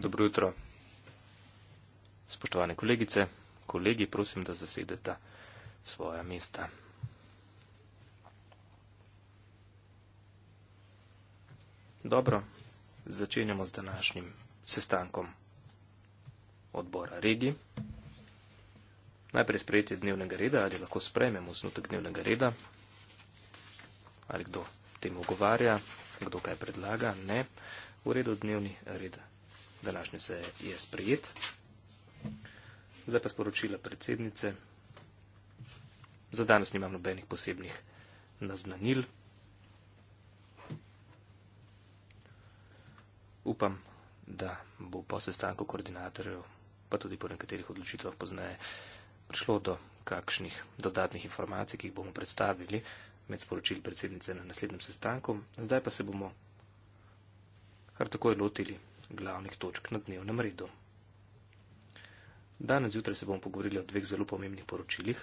Dobro jutro. Spoštovane kolegice, kolegi, prosim, da zasedete svoja mesta. Dobro, začenjamo z današnjim sestankom odbora regi. Najprej sprejetje dnevnega reda, ali lahko sprejmemo osnutek dnevnega reda, ali kdo temu ogovarja kdo kaj predlaga, ne. V redu, dnevni red današnje se je sprejet. Zdaj pa sporočila predsednice. Za danes nimam nobenih posebnih naznanil. Upam, da bo po sestanku koordinatorjev, pa tudi po nekaterih odločitvah poznaje, prišlo do kakšnih dodatnih informacij, ki jih bomo predstavili med sporočil predsednice na naslednjem sestanku, zdaj pa se bomo kar takoj lotili glavnih točk na dnevnem redu. Danes zjutraj se bomo pogovorili o dveh zelo pomembnih poročilih.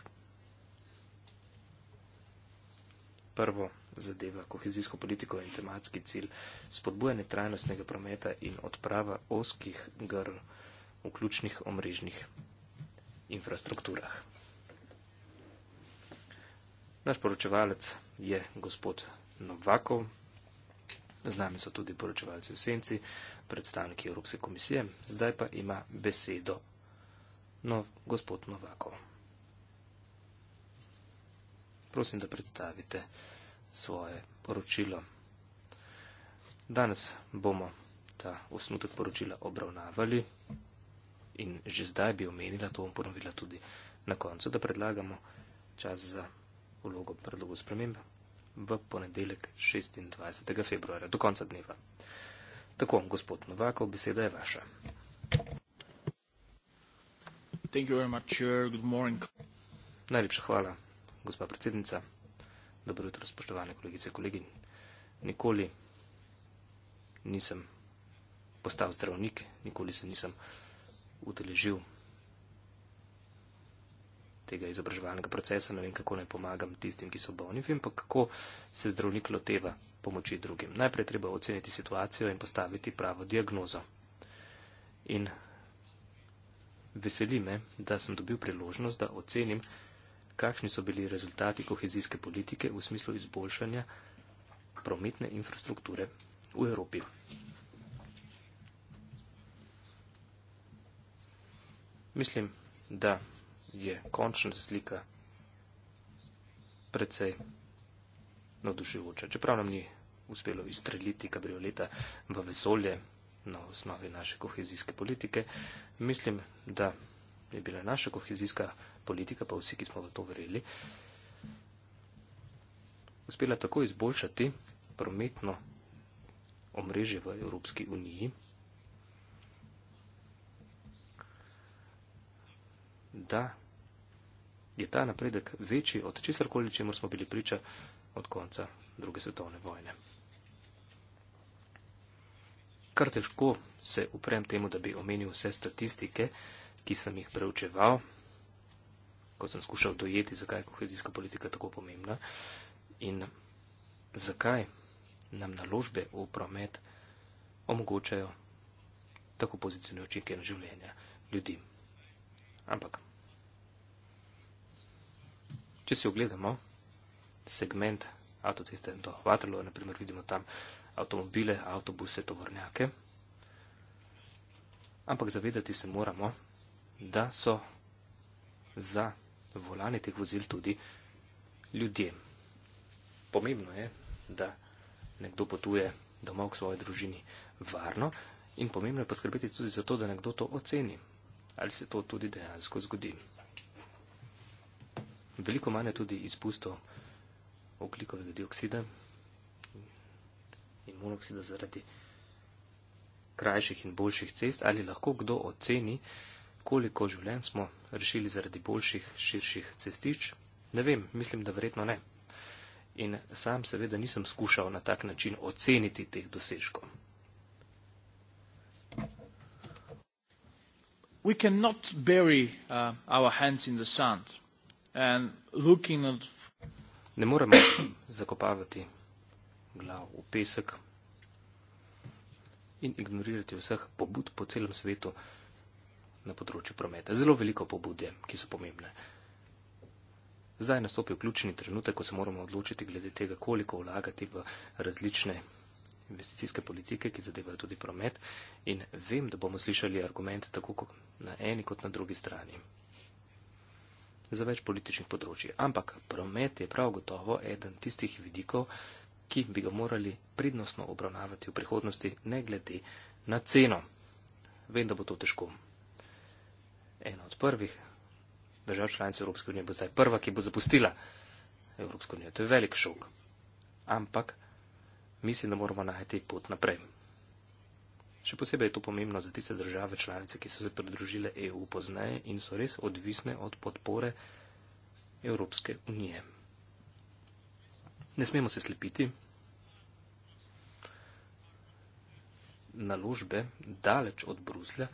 Prvo zadeva kohezijsko politiko in tematski cilj spodbujanje trajnostnega prometa in odprava oskih grl v ključnih omrežnih infrastrukturah. Naš poročevalec je gospod Novakov, z nami so tudi poročevalci v senci, predstavniki Evropske komisije, zdaj pa ima besedo Nov, gospod Novakov. Prosim, da predstavite svoje poročilo. Danes bomo ta osnutek poročila obravnavali in že zdaj bi omenila, to bom ponovila tudi na koncu, da predlagamo čas za vlogo predlogu sprememb v ponedeljek 26. februarja, do konca dneva. Tako, gospod Novakov, beseda je vaša. Thank you very much, sir. Good morning. Najlepša hvala, gospa predsednica. Dobro jutro, spoštovane kolegice in kolegi. Nikoli nisem postal zdravnik, nikoli se nisem udeležil tega izobraževalnega procesa, ne vem, kako naj pomagam tistim, ki so bolni, vem pa, kako se zdravnik loteva pomoči drugim. Najprej treba oceniti situacijo in postaviti pravo diagnozo. In veseli me, da sem dobil priložnost, da ocenim, kakšni so bili rezultati kohezijske politike v smislu izboljšanja prometne infrastrukture v Evropi. Mislim, da je končna slika precej navduševoča. Čeprav nam ni uspelo izstreliti kabrioleta v vesolje na osnovi naše kohezijske politike, mislim, da je bila naša kohezijska politika, pa vsi, ki smo v to verjeli, uspela tako izboljšati prometno omrežje v Evropski uniji, da je ta napredek večji od čisarkoli, čemu smo bili priča od konca druge svetovne vojne. Kar težko se uprem temu, da bi omenil vse statistike, ki sem jih preučeval, ko sem skušal dojeti, zakaj je kohezijska politika tako pomembna in zakaj nam naložbe v promet omogočajo tako pozitivne učinke na življenja ljudi. Ampak Če si ogledamo segment avtoceste do Waterloo, na primer vidimo tam avtomobile, avtobuse, tovornjake, ampak zavedati se moramo, da so za volanje teh vozil tudi ljudje. Pomembno je, da nekdo potuje domov k svoji družini varno in pomembno je poskrbeti tudi za to, da nekdo to oceni. Ali se to tudi dejansko zgodi? veliko manj tudi izpustov oglikovega dioksida in monoksida zaradi krajših in boljših cest, ali lahko kdo oceni, koliko življenj smo rešili zaradi boljših, širših cestič? Ne vem, mislim, da verjetno ne. In sam seveda nisem skušal na tak način oceniti teh dosežkov. We cannot bury uh, our hands in the sand. Ne moremo zakopavati glav v pesek in ignorirati vseh pobud po celem svetu na področju prometa. Zelo veliko pobud je, ki so pomembne. Zdaj nastopi vključni trenutek, ko se moramo odločiti glede tega, koliko vlagati v različne investicijske politike, ki zadevajo tudi promet. In vem, da bomo slišali argumente tako na eni kot na drugi strani za več političnih področji. Ampak promet je prav gotovo eden tistih vidikov, ki bi ga morali pridnostno obravnavati v prihodnosti, ne glede na ceno. Vem, da bo to težko. Ena od prvih držav članic Evropske unije bo zdaj prva, ki bo zapustila Evropsko unijo. To je velik šok. Ampak mislim, da moramo najti pot naprej. Še posebej je to pomembno za tiste države članice, ki so se pridružile EU pozneje in so res odvisne od podpore Evropske unije. Ne smemo se slepiti. Naložbe daleč od Bruslja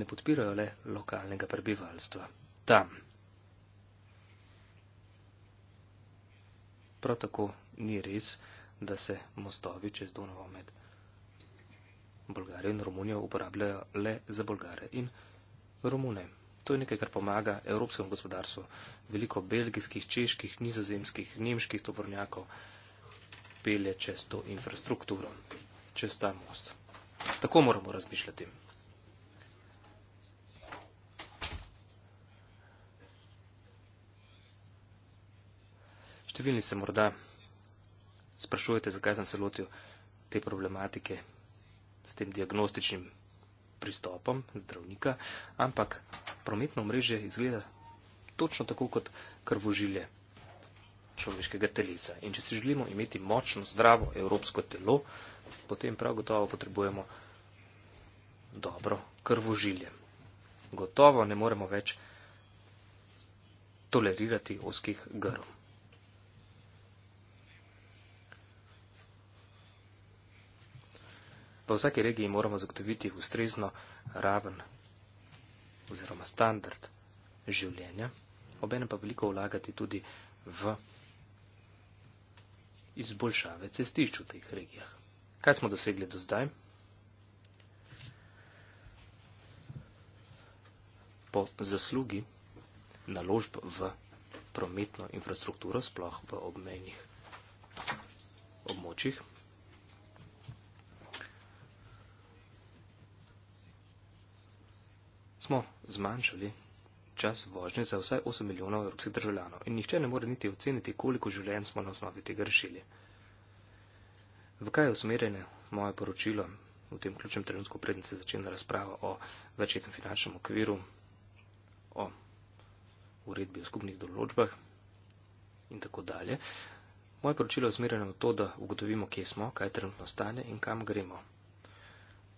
ne podpirajo le lokalnega prebivalstva. Tam. Prav tako ni res, da se mostovi čez Donovo med. Bolgarijo in Romunijo uporabljajo le za Bolgare in Romune. To je nekaj, kar pomaga evropskemu gospodarstvu. Veliko belgijskih, čeških, nizozemskih, nemških tovornjakov pelje čez to infrastrukturo, čez ta most. Tako moramo razmišljati. Številni se morda sprašujete, zakaj sem se lotil te problematike s tem diagnostičnim pristopom zdravnika, ampak prometno mreže izgleda točno tako kot krvožilje človeškega telesa. In če si želimo imeti močno, zdravo evropsko telo, potem prav gotovo potrebujemo dobro krvožilje. Gotovo ne moremo več tolerirati oskih grm. v vsaki regiji moramo zagotoviti ustrezno raven oziroma standard življenja, obenem pa veliko vlagati tudi v izboljšave cestišč v teh regijah. Kaj smo dosegli do zdaj? Po zaslugi naložb v prometno infrastrukturo, sploh v obmejnih območjih, smo zmanjšali čas vožnje za vsaj 8 milijonov evropskih državljanov in nihče ne more niti oceniti, koliko življenj smo na osnovi tega rešili. V kaj je usmerjene moje poročilo v tem ključnem trenutku prednice začenja razprava o večjetem finančnem okviru, o uredbi o skupnih določbah in tako dalje. Moje poročilo je usmerjeno v to, da ugotovimo, kje smo, kaj je trenutno stanje in kam gremo.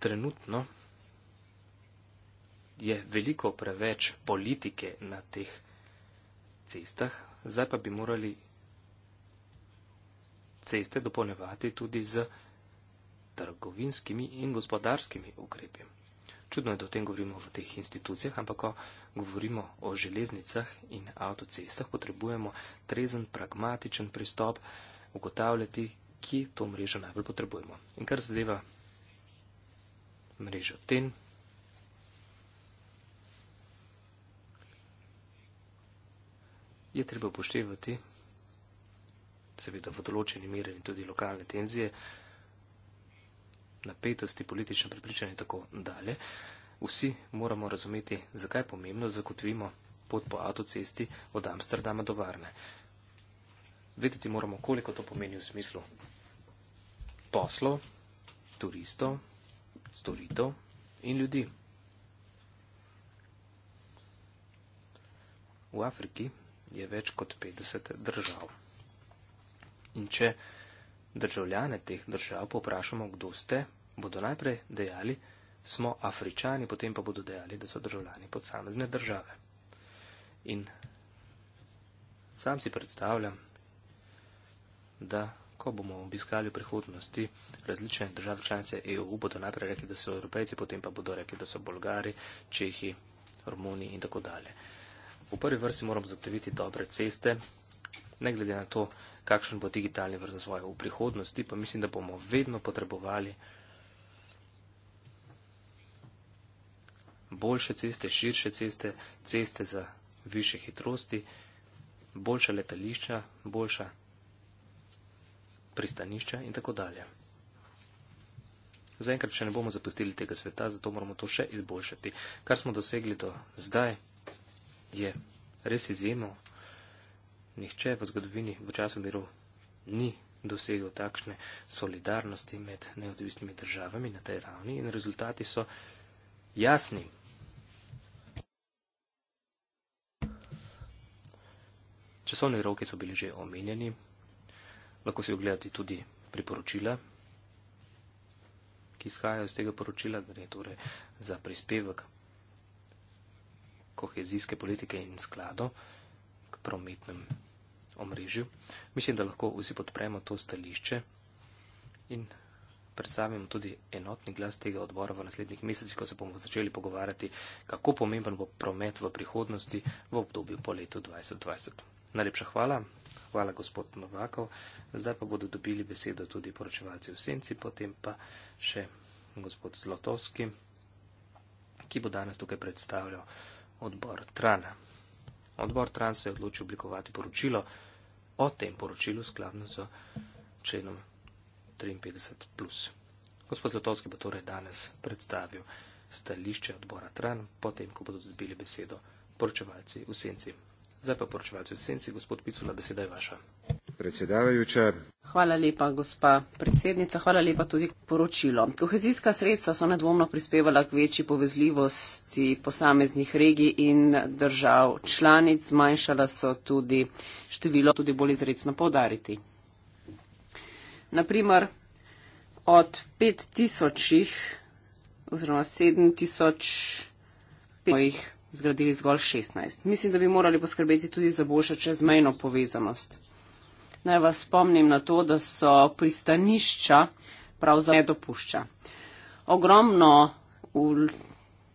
Trenutno je veliko preveč politike na teh cestah, zdaj pa bi morali ceste dopolnevati tudi z trgovinskimi in gospodarskimi ukrepi. Čudno je, da o tem govorimo v teh institucijah, ampak ko govorimo o železnicah in avtocestah, potrebujemo trezen, pragmatičen pristop, ugotavljati, kje to mrežo najbolj potrebujemo. In kar zadeva mrežo TEN, je treba upoštevati, seveda v določeni meri in tudi lokalne tenzije, napetosti, politične prepričanje in tako dalje. Vsi moramo razumeti, zakaj je pomembno, zakotvimo pot po avtocesti od Amsterdama do Varne. Vedeti moramo, koliko to pomeni v smislu poslov, turistov, storitev in ljudi. V Afriki je več kot 50 držav. In če državljane teh držav poprašamo, kdo ste, bodo najprej dejali, smo Afričani, potem pa bodo dejali, da so državljani podsamezne države. In sam si predstavljam, da ko bomo obiskali v prihodnosti različne države članice EU, bodo najprej rekli, da so Evropejci, potem pa bodo rekli, da so Bolgari, Čehi, Romuni in tako dalje. V prvi vrsti moramo zagotoviti dobre ceste, ne glede na to, kakšen bo digitalni razvoj v prihodnosti, pa mislim, da bomo vedno potrebovali boljše ceste, širše ceste, ceste za više hitrosti, boljša letališča, boljša pristanišča in tako dalje. Zaenkrat še ne bomo zapustili tega sveta, zato moramo to še izboljšati. Kar smo dosegli do zdaj, je res izjemno. Nihče v zgodovini v času miru ni dosegel takšne solidarnosti med neodvisnimi državami na tej ravni in rezultati so jasni. Časovni roki so bili že omenjeni, lahko si ogledati tudi priporočila, ki izhajajo iz tega poročila, gre torej za prispevek kohezijske politike in sklado k prometnem omrežju. Mislim, da lahko vsi podpremo to stališče in predstavimo tudi enotni glas tega odbora v naslednjih mesecih, ko se bomo začeli pogovarjati, kako pomemben bo promet v prihodnosti v obdobju po letu 2020. Najlepša hvala, hvala gospod Novakov, zdaj pa bodo dobili besedo tudi poročevalci v senci, potem pa še gospod Zlotovski, ki bo danes tukaj predstavljal uh, odbor Tran. Odbor Tran se je odločil oblikovati poročilo o tem poročilu skladno z členom 53. Gospod Zlatovski bo torej danes predstavil stališče odbora Tran, potem, ko bodo dobili besedo poročevalci v senci. Zdaj pa poročevalci v senci, gospod Picula, beseda je vaša. Predsedavajuča, Hvala lepa, gospa predsednica. Hvala lepa tudi poročilo. Kohezijska sredstva so nedvomno prispevala k večji povezljivosti posameznih regij in držav članic. Zmanjšala so tudi število, tudi bolj izredno podariti. Naprimer, od 5000 oziroma 7500 jih zgradili zgolj 16. Mislim, da bi morali poskrbeti tudi za boljšo čezmejno povezanost. Naj vas spomnim na to, da so pristanišča pravzaprav nedopušča. Ogromno ul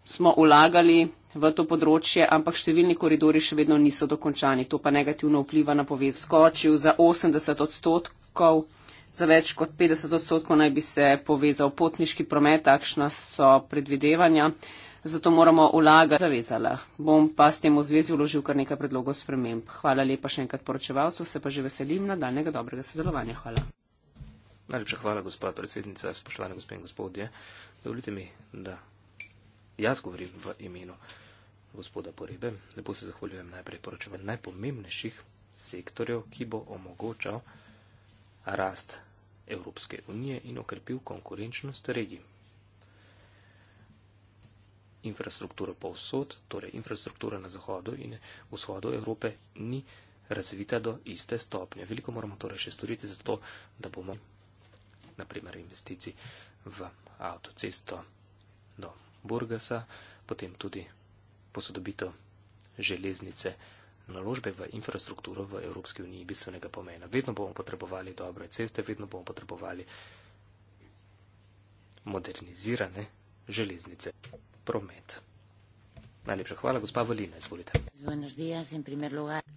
smo ulagali v to področje, ampak številni koridori še vedno niso dokončani. To pa negativno vpliva na povez. Skočil za 80 odstotkov, za več kot 50 odstotkov naj bi se povezal potniški promet, takšna so predvidevanja zato moramo vlagati zavezala. Bom pa s tem v zvezi vložil kar nekaj predlogov sprememb. Hvala lepa še enkrat poročevalcu, se pa že veselim nadaljnega dobrega sodelovanja. Hvala. Najlepša hvala, gospa predsednica, spoštovane gospe in gospodje. Dovolite mi, da jaz govorim v imenu gospoda Porebe. Lepo se zahvaljujem najprej poročevalcu najpomembnejših sektorjev, ki bo omogočal rast Evropske unije in okrepil konkurenčnost regij infrastruktura povsod, torej infrastruktura na zahodu in vzhodu Evrope, ni razvita do iste stopnje. Veliko moramo torej še storiti za to, da bomo naprimer investicij v avtocesto do Burgasa, potem tudi posodobito železnice naložbe v infrastrukturo v Evropski uniji bistvenega pomena. Vedno bomo potrebovali dobre ceste, vedno bomo potrebovali modernizirane železnice promet. Najlepša hvala, gospa Valina, izvolite.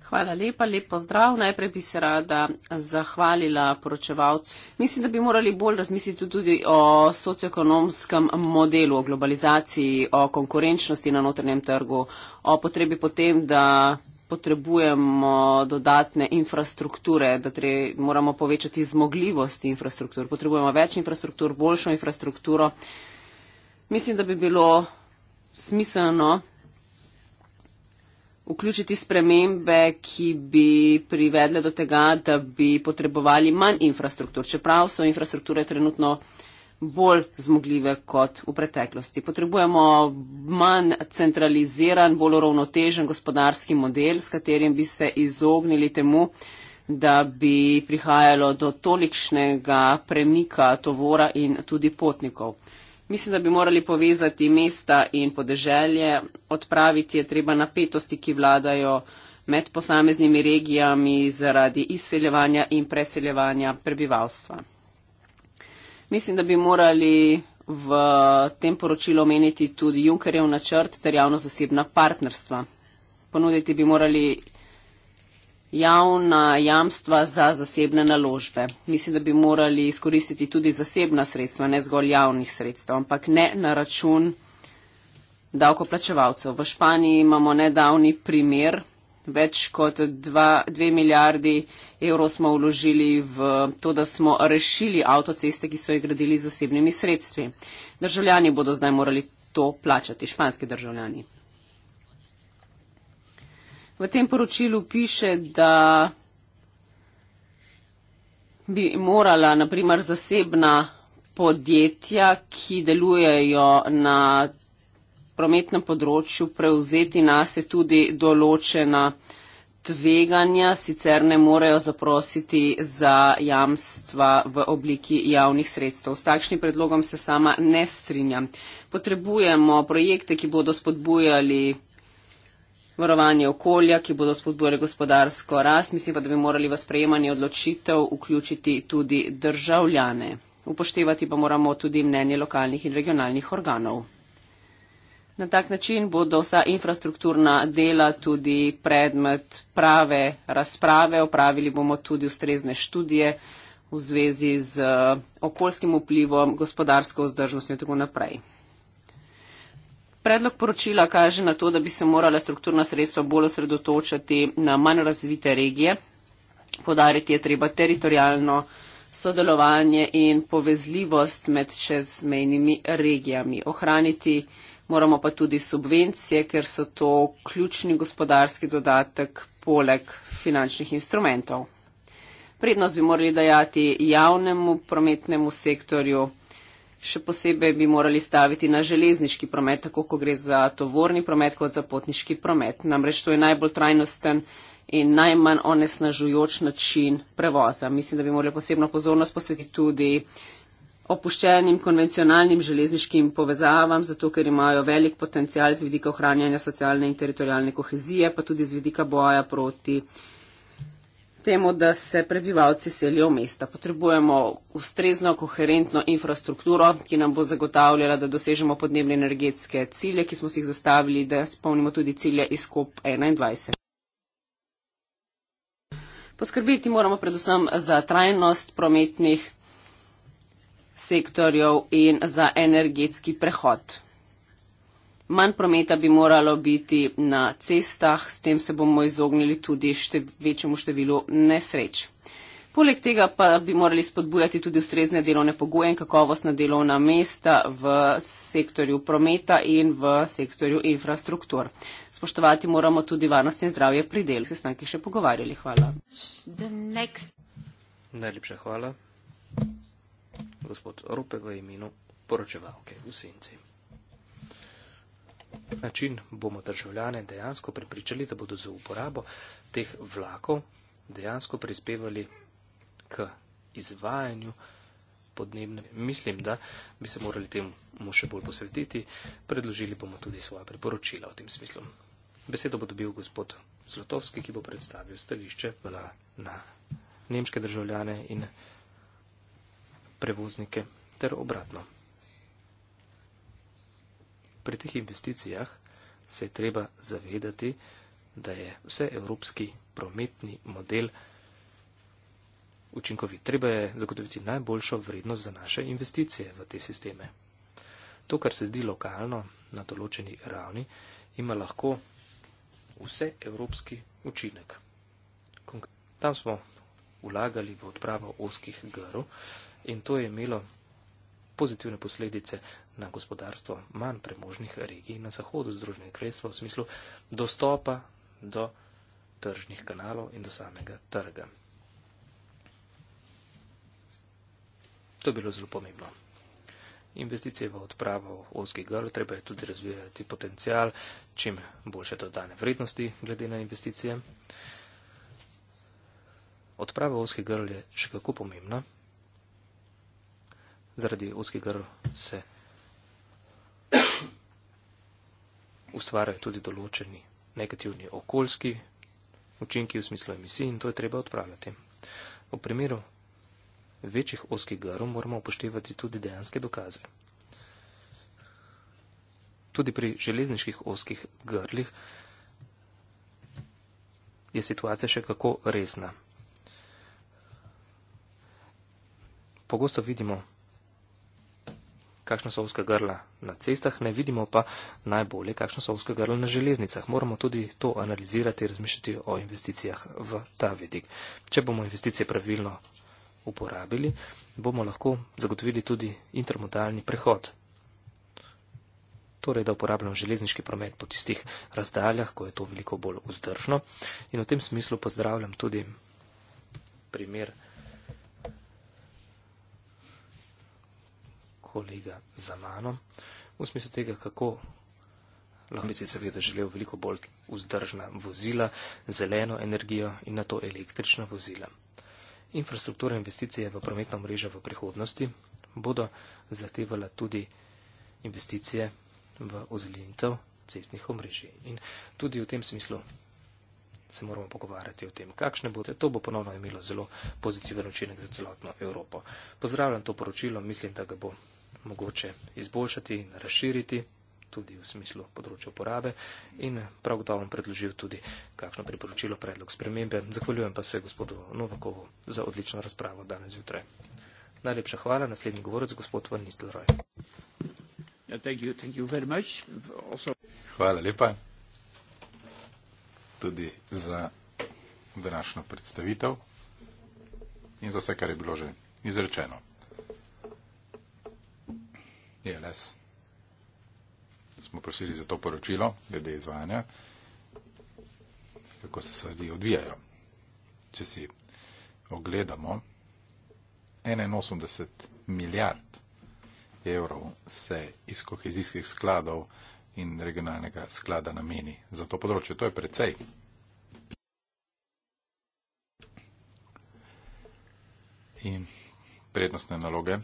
Hvala lepa, lep pozdrav. Najprej bi se rada zahvalila poročevalcu. Mislim, da bi morali bolj razmisliti tudi o socioekonomskem modelu, o globalizaciji, o konkurenčnosti na notrnem trgu, o potrebi potem, da potrebujemo dodatne infrastrukture, da tre, moramo povečati zmogljivost infrastruktur, potrebujemo več infrastruktur, boljšo infrastrukturo. Mislim, da bi bilo smiselno vključiti spremembe, ki bi privedle do tega, da bi potrebovali manj infrastruktur, čeprav so infrastrukture trenutno bolj zmogljive kot v preteklosti. Potrebujemo manj centraliziran, bolj ravnotežen gospodarski model, s katerim bi se izognili temu, da bi prihajalo do tolikšnega premika tovora in tudi potnikov. Mislim, da bi morali povezati mesta in podeželje, odpraviti je treba napetosti, ki vladajo med posameznimi regijami zaradi izseljevanja in preseljevanja prebivalstva. Mislim, da bi morali v tem poročilu omeniti tudi Junkerjev načrt ter javno-zasebna partnerstva. Ponuditi bi morali javna jamstva za zasebne naložbe. Mislim, da bi morali izkoristiti tudi zasebna sredstva, ne zgolj javnih sredstev, ampak ne na račun davkoplačevalcev. V Španiji imamo nedavni primer, več kot 2 milijardi evrov smo vložili v to, da smo rešili avtoceste, ki so jih gradili z zasebnimi sredstvi. Državljani bodo zdaj morali to plačati, španski državljani. V tem poročilu piše, da bi morala naprimer zasebna podjetja, ki delujejo na prometnem področju, prevzeti nase tudi določena tveganja, sicer ne morejo zaprositi za jamstva v obliki javnih sredstev. S takšnim predlogom se sama ne strinjam. Potrebujemo projekte, ki bodo spodbujali varovanje okolja, ki bodo spodbujali gospodarsko rast, mislim pa, da bi morali v sprejemanje odločitev vključiti tudi državljane. Upoštevati pa moramo tudi mnenje lokalnih in regionalnih organov. Na tak način bodo vsa infrastrukturna dela tudi predmet prave razprave. Opravili bomo tudi ustrezne študije v zvezi z eh, okoljskim vplivom, gospodarsko vzdržnostjo in tako naprej. Predlog poročila kaže na to, da bi se morala strukturna sredstva bolj osredotočati na manj razvite regije. Podariti je treba teritorijalno sodelovanje in povezljivost med čezmejnimi regijami. Ohraniti moramo pa tudi subvencije, ker so to ključni gospodarski dodatek poleg finančnih instrumentov. Prednost bi morali dajati javnemu prometnemu sektorju še posebej bi morali staviti na železniški promet, tako ko gre za tovorni promet, kot za potniški promet. Namreč to je najbolj trajnosten in najmanj onesnažujoč način prevoza. Mislim, da bi morali posebno pozornost posvetiti tudi opuščenim konvencionalnim železniškim povezavam, zato ker imajo velik potencial z vidika ohranjanja socialne in teritorijalne kohezije, pa tudi z vidika boja proti temu, da se prebivalci selijo v mesta. Potrebujemo ustrezno, koherentno infrastrukturo, ki nam bo zagotavljala, da dosežemo podnebne energetske cilje, ki smo si jih zastavili, da spomnimo tudi cilje iz COP21. Poskrbiti moramo predvsem za trajnost prometnih sektorjev in za energetski prehod. Manj prometa bi moralo biti na cestah, s tem se bomo izognili tudi šte, večjemu številu nesreč. Poleg tega pa bi morali spodbujati tudi ustrezne delovne pogoje in kakovostna delovna mesta v sektorju prometa in v sektorju infrastruktur. Spoštovati moramo tudi varnost in zdravje pri delu. Se s nami še pogovarjali. Hvala. Najlepša hvala. Gospod Rupe v imenu poročevalke v Sinci način bomo državljane dejansko prepričali, da bodo za uporabo teh vlakov dejansko prispevali k izvajanju podnebne. Mislim, da bi se morali temu še bolj posvetiti. Predložili bomo tudi svoje priporočila v tem smislu. Besedo bo dobil gospod Zlotovski, ki bo predstavil stališče na nemške državljane in prevoznike ter obratno pri teh investicijah se je treba zavedati, da je vse evropski prometni model učinkovit. Treba je zagotoviti najboljšo vrednost za naše investicije v te sisteme. To, kar se zdi lokalno na določeni ravni, ima lahko vse evropski učinek. Tam smo vlagali v odpravo oskih grl in to je imelo pozitivne posledice na gospodarstvo manj premožnih regij na zahodu Združenih kresov v smislu dostopa do tržnih kanalov in do samega trga. To je bilo zelo pomembno. Investicije v odpravo oskih grl, treba je tudi razvijati potencial, čim boljše dodane vrednosti glede na investicije. Odprava oskih grl je še kako pomembna, zaradi ozkih grl se ustvarjajo tudi določeni negativni okoljski učinki v smislu emisij in to je treba odpravljati. V primeru večjih ozkih grl moramo upoštevati tudi dejanske dokaze. Tudi pri železniških ozkih grlih je situacija še kako resna. Pogosto vidimo kakšna so oska grla na cestah, ne vidimo pa najbolje, kakšna so oska grla na železnicah. Moramo tudi to analizirati, razmišljati o investicijah v ta vidik. Če bomo investicije pravilno uporabili, bomo lahko zagotovili tudi intermodalni prehod. Torej, da uporabljamo železniški promet po tistih razdaljah, ko je to veliko bolj vzdržno. In v tem smislu pozdravljam tudi primer. kolega za mano, v smislu tega, kako lahko bi si seveda želel veliko bolj vzdržna vozila, zeleno energijo in na to električna vozila. Infrastruktura investicije v prometno mrežo v prihodnosti bodo zahtevala tudi investicije v ozelenitev cestnih omrežij. In tudi v tem smislu se moramo pogovarjati o tem, kakšne bodo. To bo ponovno imelo zelo pozitiven učinek za celotno Evropo. Pozdravljam to poročilo, mislim, da ga bo mogoče izboljšati in razširiti, tudi v smislu področja uporabe in prav gotovo vam predložil tudi kakšno priporočilo, predlog spremembe. Zahvaljujem pa se gospodu Novakovu za odlično razpravo danes zjutraj. Najlepša hvala, naslednji govorec, gospod Van Nistelrooy. Hvala lepa tudi za današnjo predstavitev in za vse, kar je bilo že izrečeno. ILS. E Smo prosili za to poročilo, glede izvajanja, kako se stvari odvijajo. Če si ogledamo, 81 milijard evrov se iz kohezijskih skladov in regionalnega sklada nameni za to področje. To je precej. In prednostne naloge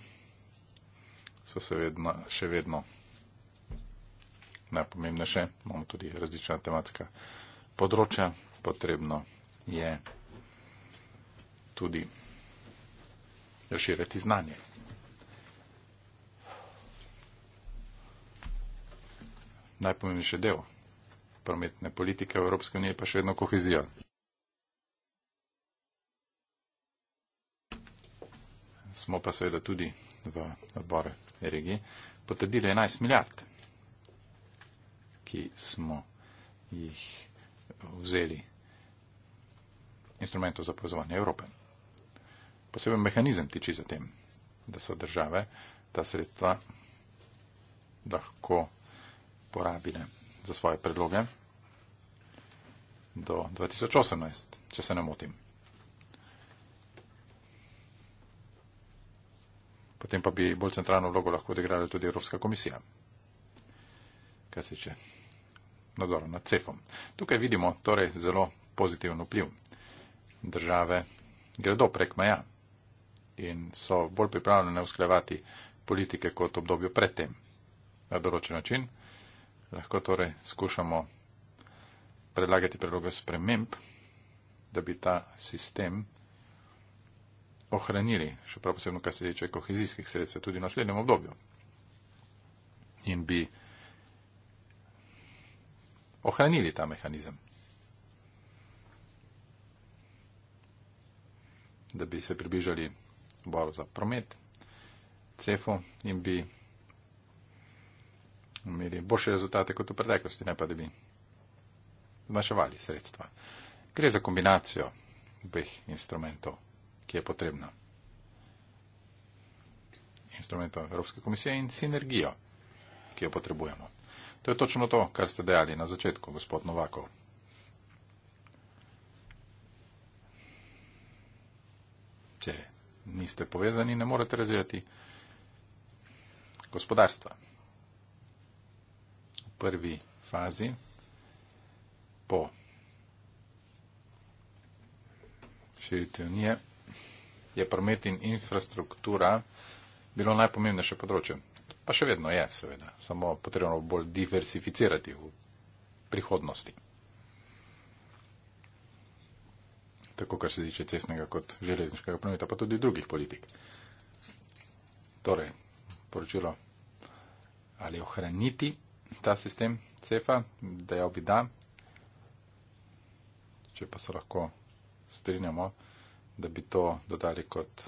so se vedno, še vedno najpomembnejše, imamo tudi različna tematska področja, potrebno je tudi razširjati znanje. Najpomembnejši del prometne politike v Evropske unije pa še vedno kohezija. smo pa seveda tudi v odbor regije potrdili 11 milijard, ki smo jih vzeli instrumentov za povezovanje Evrope. Poseben mehanizem tiči za tem, da so države ta sredstva lahko porabile za svoje predloge do 2018, če se ne motim. Potem pa bi bolj centralno vlogo lahko odigrala tudi Evropska komisija. Kaj se tiče nadzora nad cefom. Tukaj vidimo torej zelo pozitivno vpliv. Države gredo prek meja in so bolj pripravljene usklevati politike kot obdobju predtem. Na določen način lahko torej skušamo predlagati predloge sprememb, da bi ta sistem ohranili, še prav posebno, kar se tiče kohezijskih sredstev, tudi v naslednjem obdobju. In bi ohranili ta mehanizem. Da bi se približali boru za promet, cefo in bi imeli boljše rezultate kot v preteklosti, ne pa da bi zmanjševali sredstva. Gre za kombinacijo obeh instrumentov ki je potrebna. Instrumentov Evropske komisije in sinergijo, ki jo potrebujemo. To je točno to, kar ste dejali na začetku, gospod Novakov. Če niste povezani, ne morete razvijati gospodarstva. V prvi fazi po širitvi unije je promet in infrastruktura bilo najpomembnejše področje. Pa še vedno je, seveda, samo potrebno bolj diversificirati v prihodnosti. Tako, kar se tiče cestnega kot železniškega prometa, pa tudi drugih politik. Torej, poročilo ali ohraniti ta sistem CEFA, da jo bi da, če pa se lahko strinjamo da bi to dodali kot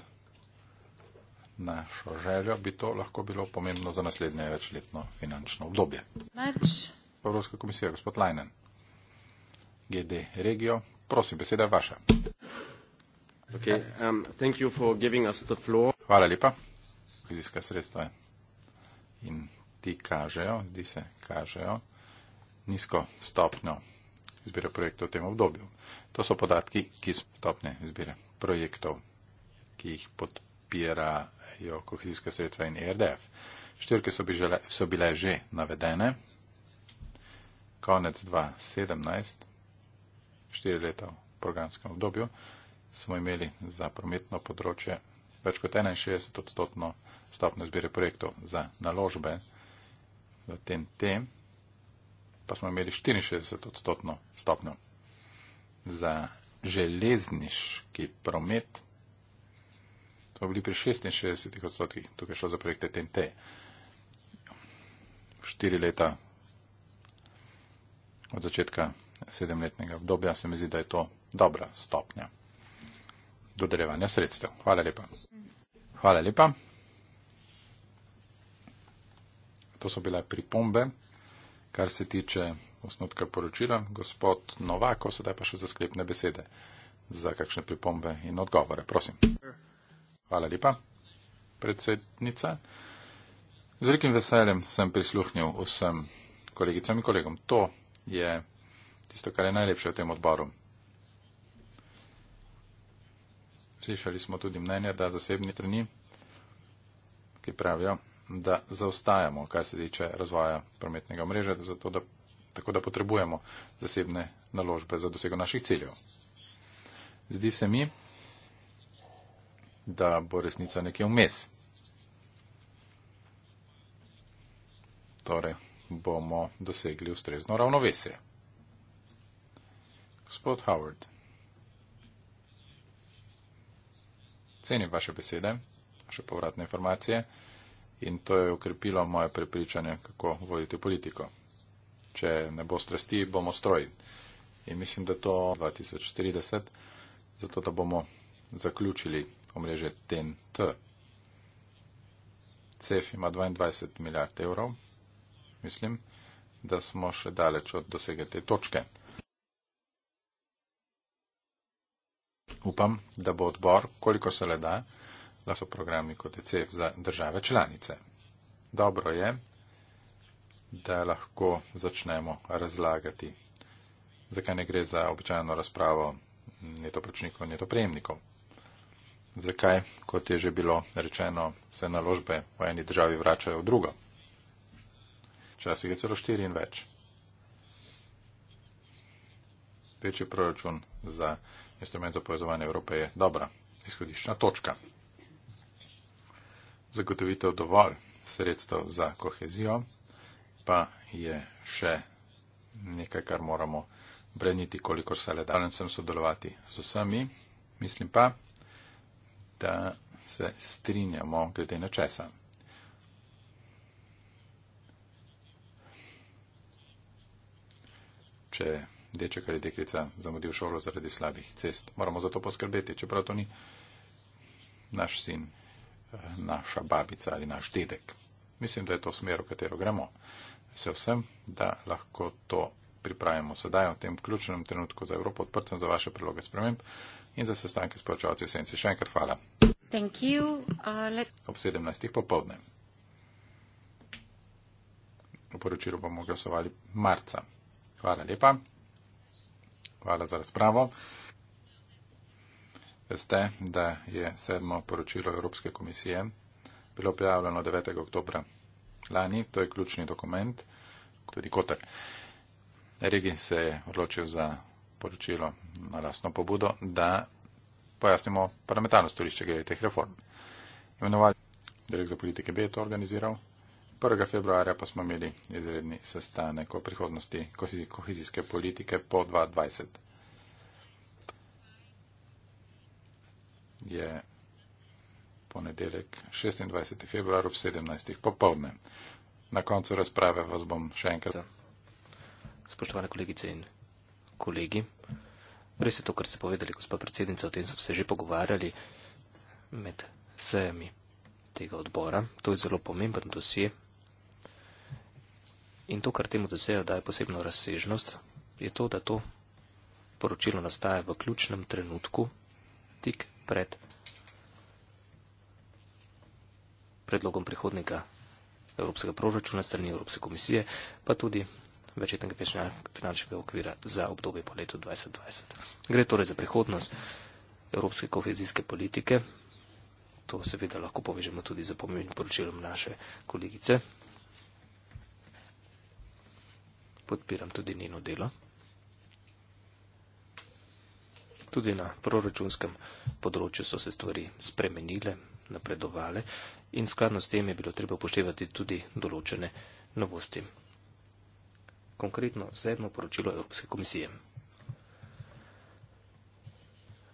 našo željo, bi to lahko bilo pomembno za naslednje večletno finančno obdobje. Več. Evropska komisija, gospod Lajnen, GD Regio, prosim, beseda je vaša. Okay, um, Hvala lepa. Kozijska sredstva in ti kažejo, zdi se, kažejo nizko stopnjo izbire projektov v tem obdobju. To so podatki, ki so stopnje izbire projektov, ki jih podpirajo kohezijska sredstva in e RDF. Štirke so, bi žele, so bile že navedene. Konec 2017, štiri leta v programskem obdobju, smo imeli za prometno področje več kot 61 odstotno stopno izbire projektov za naložbe v TNT, pa smo imeli 64 odstotno stopno za železniški promet. To bili pri 66 odstotkih, tukaj šlo za projekte TNT. Štiri leta od začetka sedemletnega obdobja se mi zdi, da je to dobra stopnja dodeljevanja sredstev. Hvala lepa. Hvala lepa. To so bile pripombe, kar se tiče osnutka poročila. Gospod Novako, sedaj pa še za sklepne besede, za kakšne pripombe in odgovore. Prosim. Hvala lepa, predsednica. Z velikim veseljem sem prisluhnil vsem kolegicam in kolegom. To je tisto, kar je najlepše v tem odboru. Slišali smo tudi mnenja, da zasebni strani, ki pravijo, da zaostajamo, kaj se tiče razvoja prometnega mreža, zato da tako da potrebujemo zasebne naložbe za dosego naših ciljev. Zdi se mi, da bo resnica nekje vmes. Torej bomo dosegli ustrezno ravnovesje. Gospod Howard, cenim vaše besede, vaše povratne informacije in to je okrepilo moje prepričanje, kako voditi politiko če ne bo strasti, bomo stroj. In mislim, da to 2040, zato da bomo zaključili omrežje TNT. CEF ima 22 milijard evrov. Mislim, da smo še daleč od dosega te točke. Upam, da bo odbor, koliko se le da, da so programi kot ECF e za države članice. Dobro je, da lahko začnemo razlagati, zakaj ne gre za običajno razpravo netoplačnikov in netoprejemnikov. Zakaj, kot je že bilo rečeno, se naložbe v eni državi vračajo v drugo. Včasih je celo štiri in več. Večji proračun za instrument za povezovanje Evrope je dobra izhodiščna točka. Zagotovitev dovolj sredstev za kohezijo pa je še nekaj, kar moramo breniti, kolikor se le da. Hvala sem sodelovati z vsemi, mislim pa, da se strinjamo glede na česa. Če deček ali deklica zamudi v šolo zaradi slabih cest, moramo za to poskrbeti, čeprav to ni naš sin, eh, naša babica ali naš dedek. Mislim, da je to smer, v katero gremo. Vesel sem, da lahko to pripravimo sedaj v tem ključnem trenutku za Evropo. Odprt sem za vaše priloge sprememb in za sestanke s poročevalci v senci. Še enkrat hvala. Uh, let... Ob 17. popovdne. V poročilu bomo glasovali marca. Hvala lepa. Hvala za razpravo. Veste, da je sedmo poročilo Evropske komisije bilo objavljeno 9. oktobra lani, to je ključni dokument, tudi Kotar. Regi se je odločil za poročilo na lasno pobudo, da pojasnimo parlamentarno stolišče glede teh reform. Imenoval direkt za politike B je to organiziral. 1. februarja pa smo imeli izredni sestanek o prihodnosti kohezijske politike po 2020. Je ponedeljek, 26. februar ob 17. popovdne. Na koncu razprave vas bom še enkrat. Spoštovane kolegice in kolegi, res je to, kar ste povedali, gospod predsednica, o tem so se že pogovarjali med sejami tega odbora. To je zelo pomemben dosje. In to, kar temu dosejo daje posebno razsežnost, je to, da to poročilo nastaja v ključnem trenutku, tik pred predlogom prihodnega evropskega proračuna strani Evropske komisije, pa tudi večetnega finančnega okvira za obdobje po letu 2020. Gre torej za prihodnost evropske kohezijske politike. To seveda lahko povežemo tudi za pomembnim poročilom naše kolegice. Podpiram tudi njeno delo. Tudi na proračunskem področju so se stvari spremenile napredovale in skladno s tem je bilo treba upoštevati tudi določene novosti. Konkretno sedmo poročilo Evropske komisije.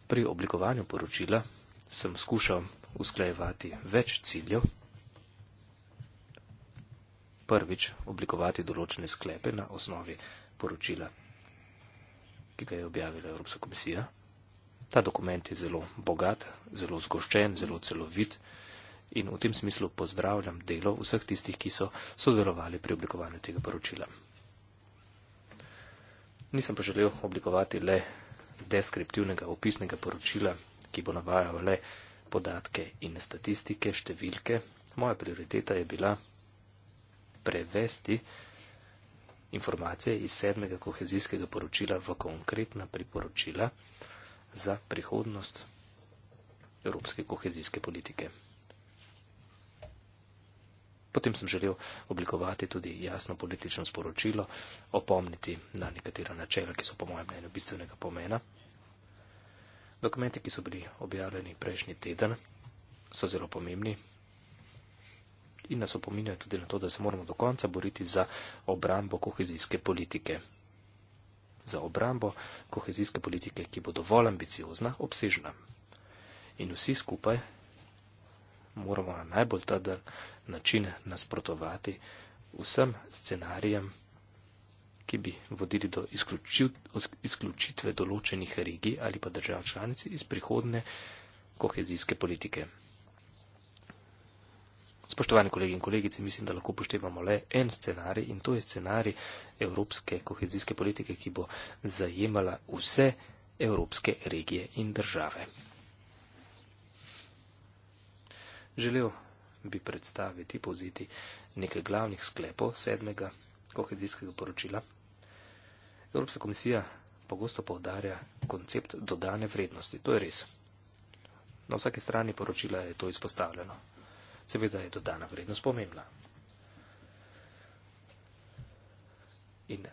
Pri oblikovanju poročila sem skušal usklajevati več ciljev. Prvič, oblikovati določene sklepe na osnovi poročila, ki ga je objavila Evropska komisija, Ta dokument je zelo bogat, zelo zgoščen, zelo celovit in v tem smislu pozdravljam delo vseh tistih, ki so sodelovali pri oblikovanju tega poročila. Nisem pa želel oblikovati le deskriptivnega opisnega poročila, ki bo navajal le podatke in statistike, številke. Moja prioriteta je bila prevesti informacije iz sedmega kohezijskega poročila v konkretna priporočila, za prihodnost evropske kohezijske politike. Potem sem želel oblikovati tudi jasno politično sporočilo, opomniti na nekatera načela, ki so po mojem mnenju bistvenega pomena. Dokumenti, ki so bili objavljeni prejšnji teden, so zelo pomembni in nas opominjajo tudi na to, da se moramo do konca boriti za obrambo kohezijske politike za obrambo kohezijske politike, ki bo dovolj ambiciozna, obsežna. In vsi skupaj moramo na najbolj trden način nasprotovati vsem scenarijem, ki bi vodili do izključitve določenih regij ali pa držav članic iz prihodne kohezijske politike. Spoštovani kolegi in kolegici, mislim, da lahko poštevamo le en scenarij in to je scenarij evropske kohezijske politike, ki bo zajemala vse evropske regije in države. Želel bi predstaviti, povziti nekaj glavnih sklepov sedmega kohezijskega poročila. Evropska komisija pogosto povdarja koncept dodane vrednosti. To je res. Na vsaki strani poročila je to izpostavljeno seveda je dodana vrednost pomembna. In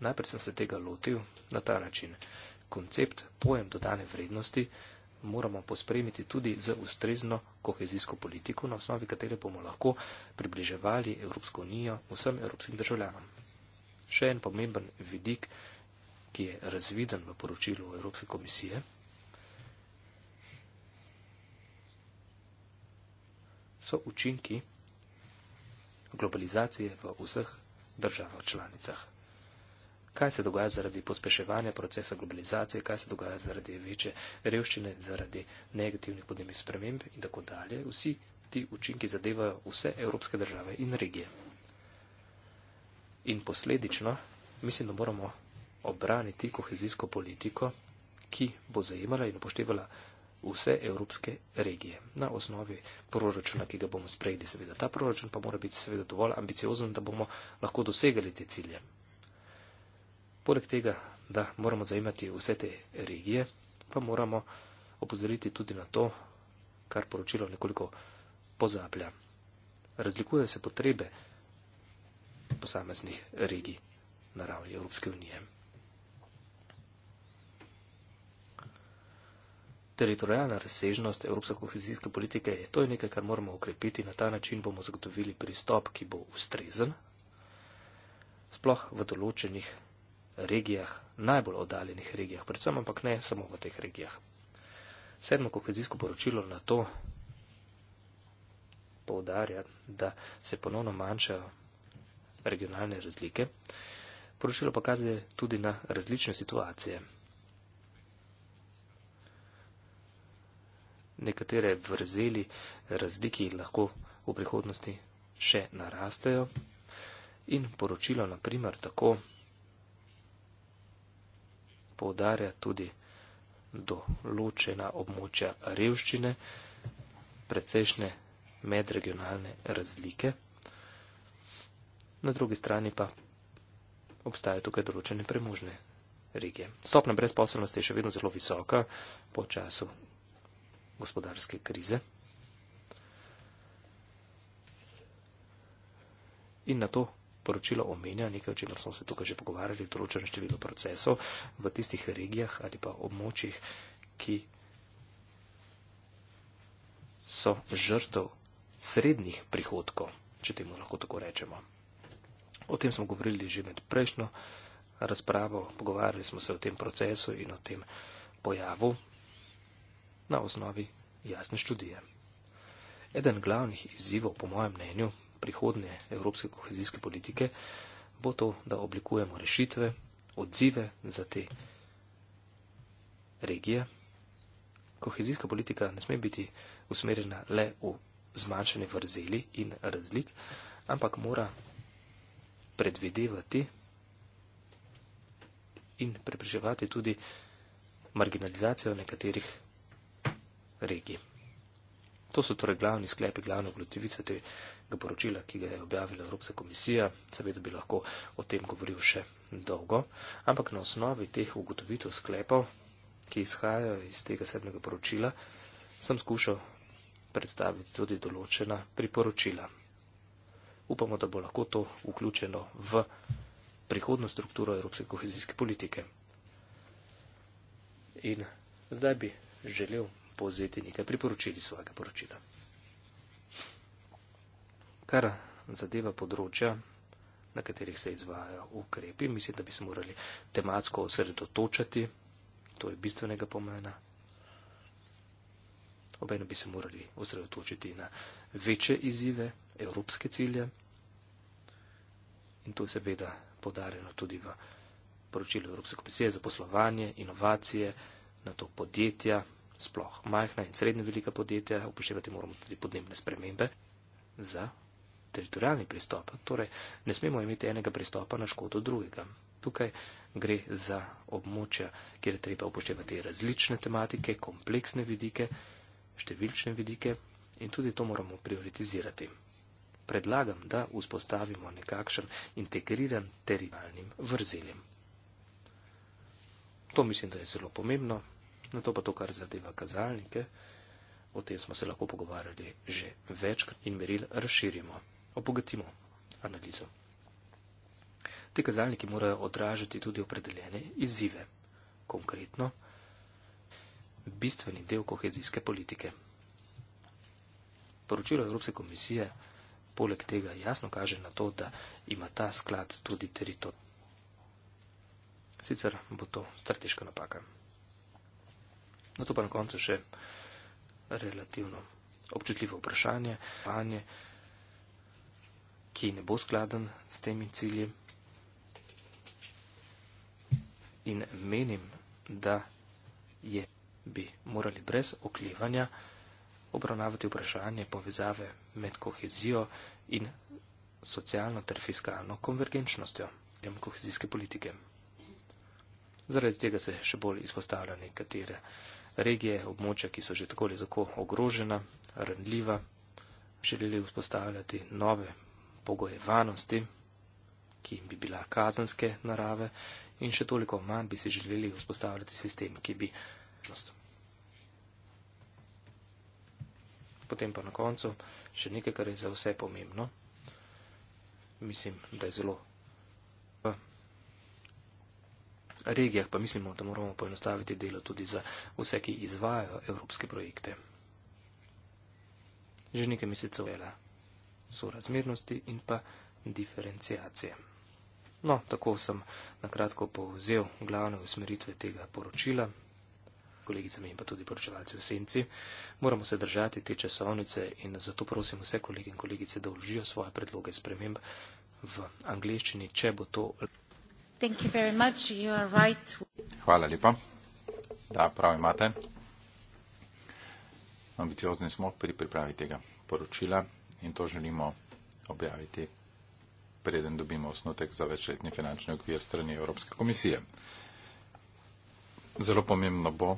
najprej sem se tega lotil na ta način. Koncept, pojem dodane vrednosti moramo pospremiti tudi z ustrezno kohezijsko politiko, na osnovi katere bomo lahko približevali Evropsko unijo vsem evropskim državljanom. Še en pomemben vidik, ki je razviden v poročilu Evropske komisije, so učinki globalizacije v vseh državah članicah. Kaj se dogaja zaradi pospeševanja procesa globalizacije, kaj se dogaja zaradi večje revščine, zaradi negativnih podnebnih sprememb in tako dalje. Vsi ti učinki zadevajo vse evropske države in regije. In posledično mislim, da moramo obraniti kohezijsko politiko, ki bo zajemala in upoštevala vse evropske regije na osnovi proračuna, ki ga bomo sprejeli. Seveda ta proračun pa mora biti seveda dovolj ambiciozen, da bomo lahko dosegali te cilje. Poleg tega, da moramo zajemati vse te regije, pa moramo opozoriti tudi na to, kar poročilo nekoliko pozablja. Razlikujejo se potrebe posameznih regij na ravni Evropske unije. teritorijalna razsežnost evropske kohezijske politike je to nekaj, kar moramo ukrepiti. Na ta način bomo zagotovili pristop, ki bo ustrezen, sploh v določenih regijah, najbolj oddaljenih regijah, predvsem ampak ne samo v teh regijah. Sedmo kohezijsko poročilo na to poudarja, da se ponovno manjšajo regionalne razlike. Poročilo pa kaže tudi na različne situacije. nekatere vrzeli, razliki lahko v prihodnosti še narastejo. In poročilo naprimer tako poudarja tudi določena območja revščine, precejšnje medregionalne razlike. Na drugi strani pa obstajajo tukaj določene premožne regije. Stopna brezposobnosti je še vedno zelo visoka po času gospodarske krize. In na to poročilo omenja nekaj, o čemer smo se tukaj že pogovarjali, določeno število procesov v tistih regijah ali pa območjih, ki so žrtev srednjih prihodkov, če temu lahko tako rečemo. O tem smo govorili že med prejšnjo razpravo, pogovarjali smo se o tem procesu in o tem pojavu, na osnovi jasne študije. Eden glavnih izzivov, po mojem mnenju, prihodnje evropske kohezijske politike bo to, da oblikujemo rešitve, odzive za te regije. Kohezijska politika ne sme biti usmerjena le v zmanjšanje vrzeli in razlik, ampak mora predvidevati in prepriževati tudi marginalizacijo nekaterih regiji. To so torej glavni sklepi, glavno glotivice tega poročila, ki ga je objavila Evropska komisija. Seveda bi lahko o tem govoril še dolgo, ampak na osnovi teh ugotovitev sklepov, ki izhajajo iz tega sedmega poročila, sem skušal predstaviti tudi določena priporočila. Upamo, da bo lahko to vključeno v prihodno strukturo Evropske kohezijske politike. In zdaj bi želel povzeti nekaj priporočili svojega poročila. Kar zadeva področja, na katerih se izvajajo ukrepi, mislim, da bi se morali tematsko osredotočati, to je bistvenega pomena. Obenem bi se morali osredotočiti na večje izzive, evropske cilje. In to je seveda podarjeno tudi v poročilu Evropske komisije za poslovanje, inovacije, na to podjetja, sploh majhna in srednja velika podjetja, upoštevati moramo tudi podnebne spremembe za teritorijalni pristop. Torej, ne smemo imeti enega pristopa na škodo drugega. Tukaj gre za območja, kjer je treba upoštevati različne tematike, kompleksne vidike, številčne vidike in tudi to moramo prioritizirati. Predlagam, da vzpostavimo nekakšen integriran teritorijalnim vrzeljem. To mislim, da je zelo pomembno. Na to pa to, kar zadeva kazalnike, o tem smo se lahko pogovarjali že večkrat in meril razširimo, obogatimo analizo. Te kazalniki morajo odražati tudi opredeljene izzive, konkretno bistveni del kohezijske politike. Poročilo Evropske komisije poleg tega jasno kaže na to, da ima ta sklad tudi teritorij. Sicer bo to strateška napaka. Na to pa na koncu še relativno občutljivo vprašanje, vprašanje ki ne bo skladen s temi cilji. In menim, da je, bi morali brez oklevanja obravnavati vprašanje povezave med kohezijo in socialno ter fiskalno konvergenčnostjo kohezijske politike. Zaradi tega se še bolj izpostavlja nekatere regije, območja, ki so že tako ali tako ogrožena, rnljiva, želeli vzpostavljati nove pogoje varnosti, ki jim bi bila kazanske narave in še toliko manj bi si želeli vzpostavljati sistem, ki bi. Potem pa na koncu še nekaj, kar je za vse pomembno. Mislim, da je zelo regijah, pa mislimo, da moramo poenostaviti delo tudi za vse, ki izvajajo evropske projekte. Že nekaj mesecev vela so razmernosti in pa diferencijacije. No, tako sem nakratko povzel glavne usmeritve tega poročila, kolegicami in pa tudi poročevalci v senci. Moramo se držati te časovnice in zato prosim vse kolege in kolegice, da vložijo svoje predloge sprememb v angleščini, če bo to. Hvala lepa. Da, prav imate. Ambiciozni smo pri pripravi tega poročila in to želimo objaviti, preden dobimo osnutek za večletni finančni okvir strani Evropske komisije. Zelo pomembno bo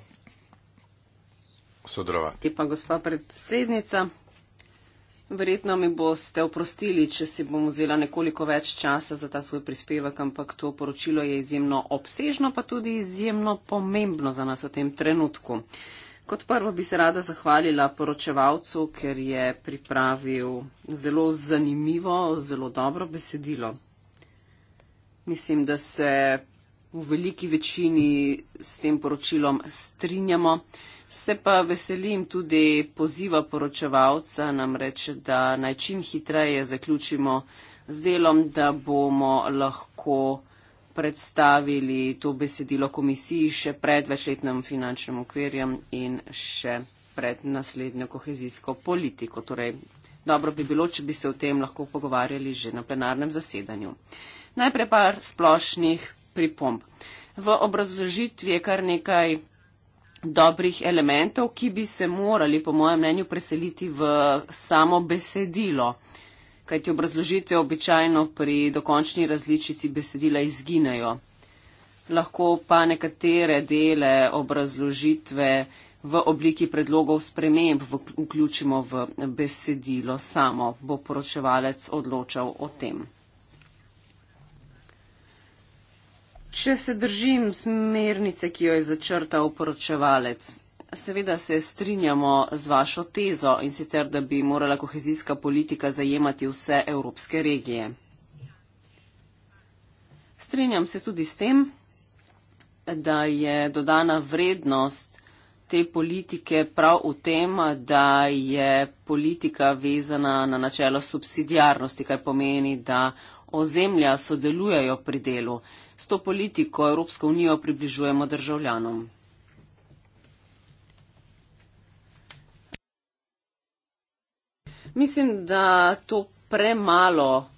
sodelovati. Ti pa, gospa predsednica, Verjetno mi boste oprostili, če si bom vzela nekoliko več časa za ta svoj prispevek, ampak to poročilo je izjemno obsežno, pa tudi izjemno pomembno za nas v tem trenutku. Kot prvo bi se rada zahvalila poročevalcu, ker je pripravil zelo zanimivo, zelo dobro besedilo. Mislim, da se v veliki večini s tem poročilom strinjamo. Se pa veselim tudi poziva poročevalca, namreč, da naj čim hitreje zaključimo z delom, da bomo lahko predstavili to besedilo komisiji še pred večletnim finančnim okvirjem in še pred naslednjo kohezijsko politiko. Torej, dobro bi bilo, če bi se o tem lahko pogovarjali že na plenarnem zasedanju. Najprej par splošnih pripomb. V obrazložitvi je kar nekaj dobrih elementov, ki bi se morali, po mojem mnenju, preseliti v samo besedilo. Kaj ti obrazložitve običajno pri dokončni različici besedila izginejo. Lahko pa nekatere dele obrazložitve v obliki predlogov sprememb v, vključimo v besedilo samo, bo poročevalec odločal o tem. Če se držim smernice, ki jo je začrtal poročevalec, seveda se strinjamo z vašo tezo in sicer, da bi morala kohezijska politika zajemati vse evropske regije. Strinjam se tudi s tem, da je dodana vrednost te politike prav v tem, da je politika vezana na načelo subsidijarnosti, kaj pomeni, da ozemlja sodelujejo pri delu s to politiko Evropsko unijo približujemo državljanom? Mislim, da to premalo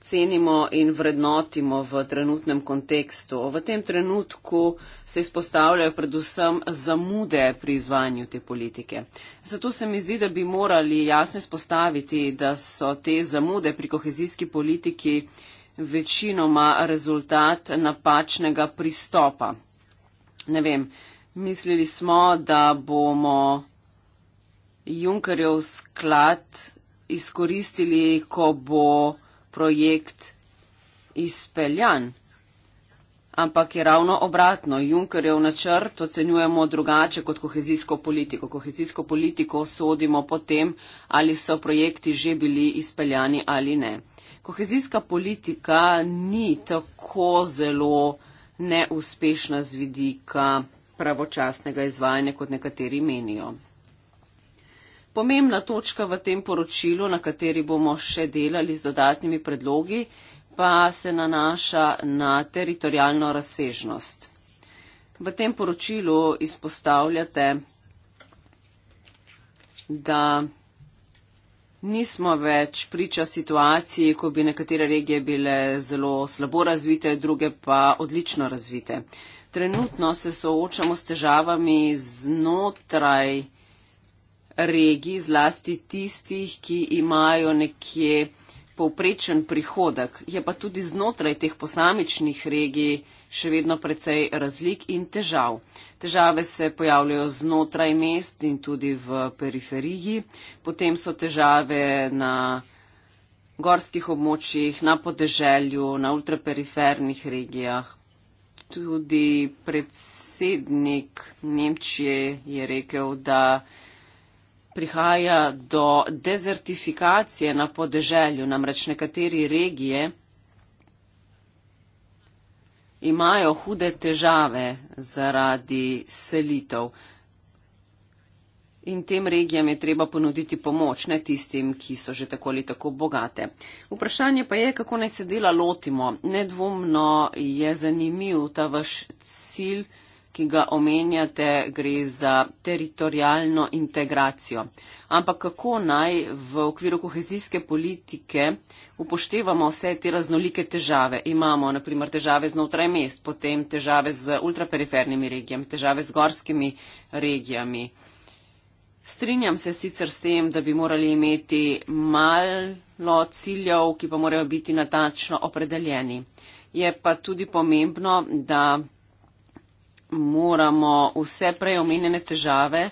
cenimo in vrednotimo v trenutnem kontekstu. V tem trenutku se izpostavljajo predvsem zamude pri izvajanju te politike. Zato se mi zdi, da bi morali jasno izpostaviti, da so te zamude pri kohezijski politiki večinoma rezultat napačnega pristopa. Ne vem, mislili smo, da bomo Junkerjev sklad izkoristili, ko bo projekt izpeljan. Ampak je ravno obratno. Junkerjev načrt ocenjujemo drugače kot kohezijsko politiko. Kohezijsko politiko sodimo potem, ali so projekti že bili izpeljani ali ne kohezijska politika ni tako zelo neuspešna z vidika pravočasnega izvajanja, kot nekateri menijo. Pomembna točka v tem poročilu, na kateri bomo še delali z dodatnimi predlogi, pa se nanaša na teritorijalno razsežnost. V tem poročilu izpostavljate, da Nismo več priča situaciji, ko bi nekatere regije bile zelo slabo razvite, druge pa odlično razvite. Trenutno se soočamo s težavami znotraj regij, zlasti tistih, ki imajo nekje povprečen prihodek, je pa tudi znotraj teh posamičnih regij še vedno precej razlik in težav. Težave se pojavljajo znotraj mest in tudi v periferiji, potem so težave na gorskih območjih, na podeželju, na ultrapernih regijah. Tudi predsednik Nemčije je rekel, da prihaja do dezertifikacije na podeželju, namreč nekateri regije imajo hude težave zaradi selitev. In tem regijam je treba ponuditi pomoč, ne tistim, ki so že tako ali tako bogate. Vprašanje pa je, kako naj se dela lotimo. Nedvomno je zanimiv ta vaš cilj ki ga omenjate, gre za teritorijalno integracijo. Ampak kako naj v okviru kohezijske politike upoštevamo vse te raznolike težave? Imamo naprimer težave znotraj mest, potem težave z ultraperifernimi regijami, težave z gorskimi regijami. Strinjam se sicer s tem, da bi morali imeti malo ciljev, ki pa morajo biti natačno opredeljeni. Je pa tudi pomembno, da moramo vse prej omenjene težave,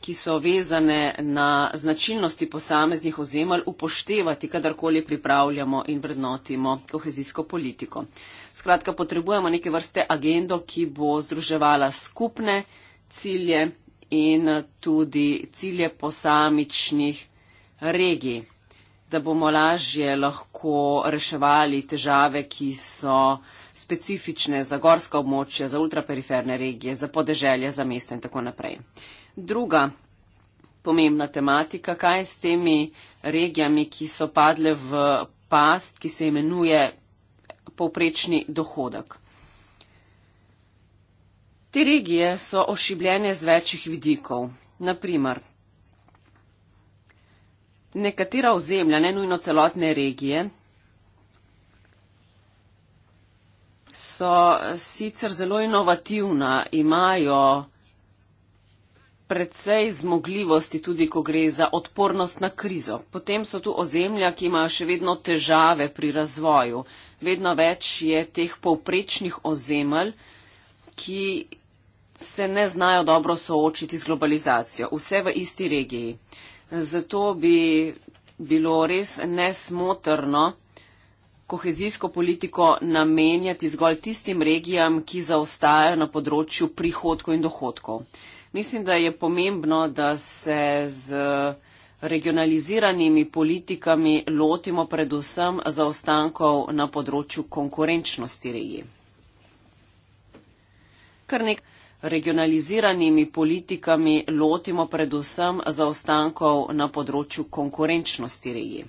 ki so vezane na značilnosti posameznih ozemelj, upoštevati, kadarkoli pripravljamo in vrednotimo kohezijsko politiko. Skratka, potrebujemo neke vrste agendo, ki bo združevala skupne cilje in tudi cilje posamičnih regij, da bomo lažje lahko reševali težave, ki so specifične za gorska območja, za ultraperiferne regije, za podeželje, za mesta in tako naprej. Druga pomembna tematika, kaj je s temi regijami, ki so padle v past, ki se imenuje povprečni dohodek. Te regije so ošibljene z večjih vidikov. Naprimer, nekatera ozemlja, ne nujno celotne regije, so sicer zelo inovativna, imajo predvsej zmogljivosti tudi, ko gre za odpornost na krizo. Potem so tu ozemlja, ki imajo še vedno težave pri razvoju. Vedno več je teh povprečnih ozemelj, ki se ne znajo dobro soočiti z globalizacijo. Vse v isti regiji. Zato bi bilo res nesmotrno, kohezijsko politiko namenjati zgolj tistim regijam, ki zaostajajo na področju prihodkov in dohodkov. Mislim, da je pomembno, da se z regionaliziranimi politikami lotimo predvsem zaostankov na področju konkurenčnosti regije. Kar nek regionaliziranimi politikami lotimo predvsem zaostankov na področju konkurenčnosti regije.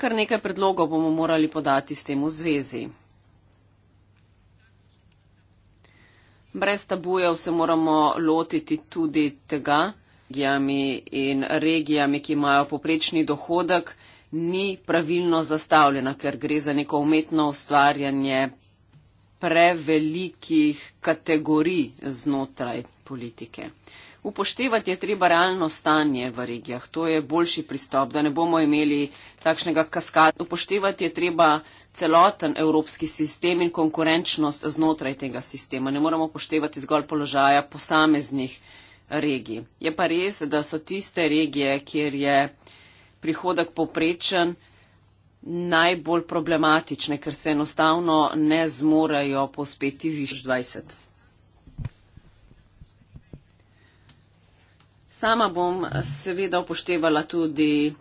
Kar nekaj predlogov bomo morali podati s tem v zvezi. Brez tabujev se moramo lotiti tudi tega, regijami in regijami, ki imajo poprečni dohodek, ni pravilno zastavljena, ker gre za neko umetno ustvarjanje prevelikih kategorij znotraj politike upoštevati je treba realno stanje v regijah. To je boljši pristop, da ne bomo imeli takšnega kaskada. Upoštevati je treba celoten evropski sistem in konkurenčnost znotraj tega sistema. Ne moramo upoštevati zgolj položaja posameznih regij. Je pa res, da so tiste regije, kjer je prihodek poprečen, najbolj problematične, ker se enostavno ne zmorejo pospeti viš 20. Sama bom eh, seveda upoštevala tudi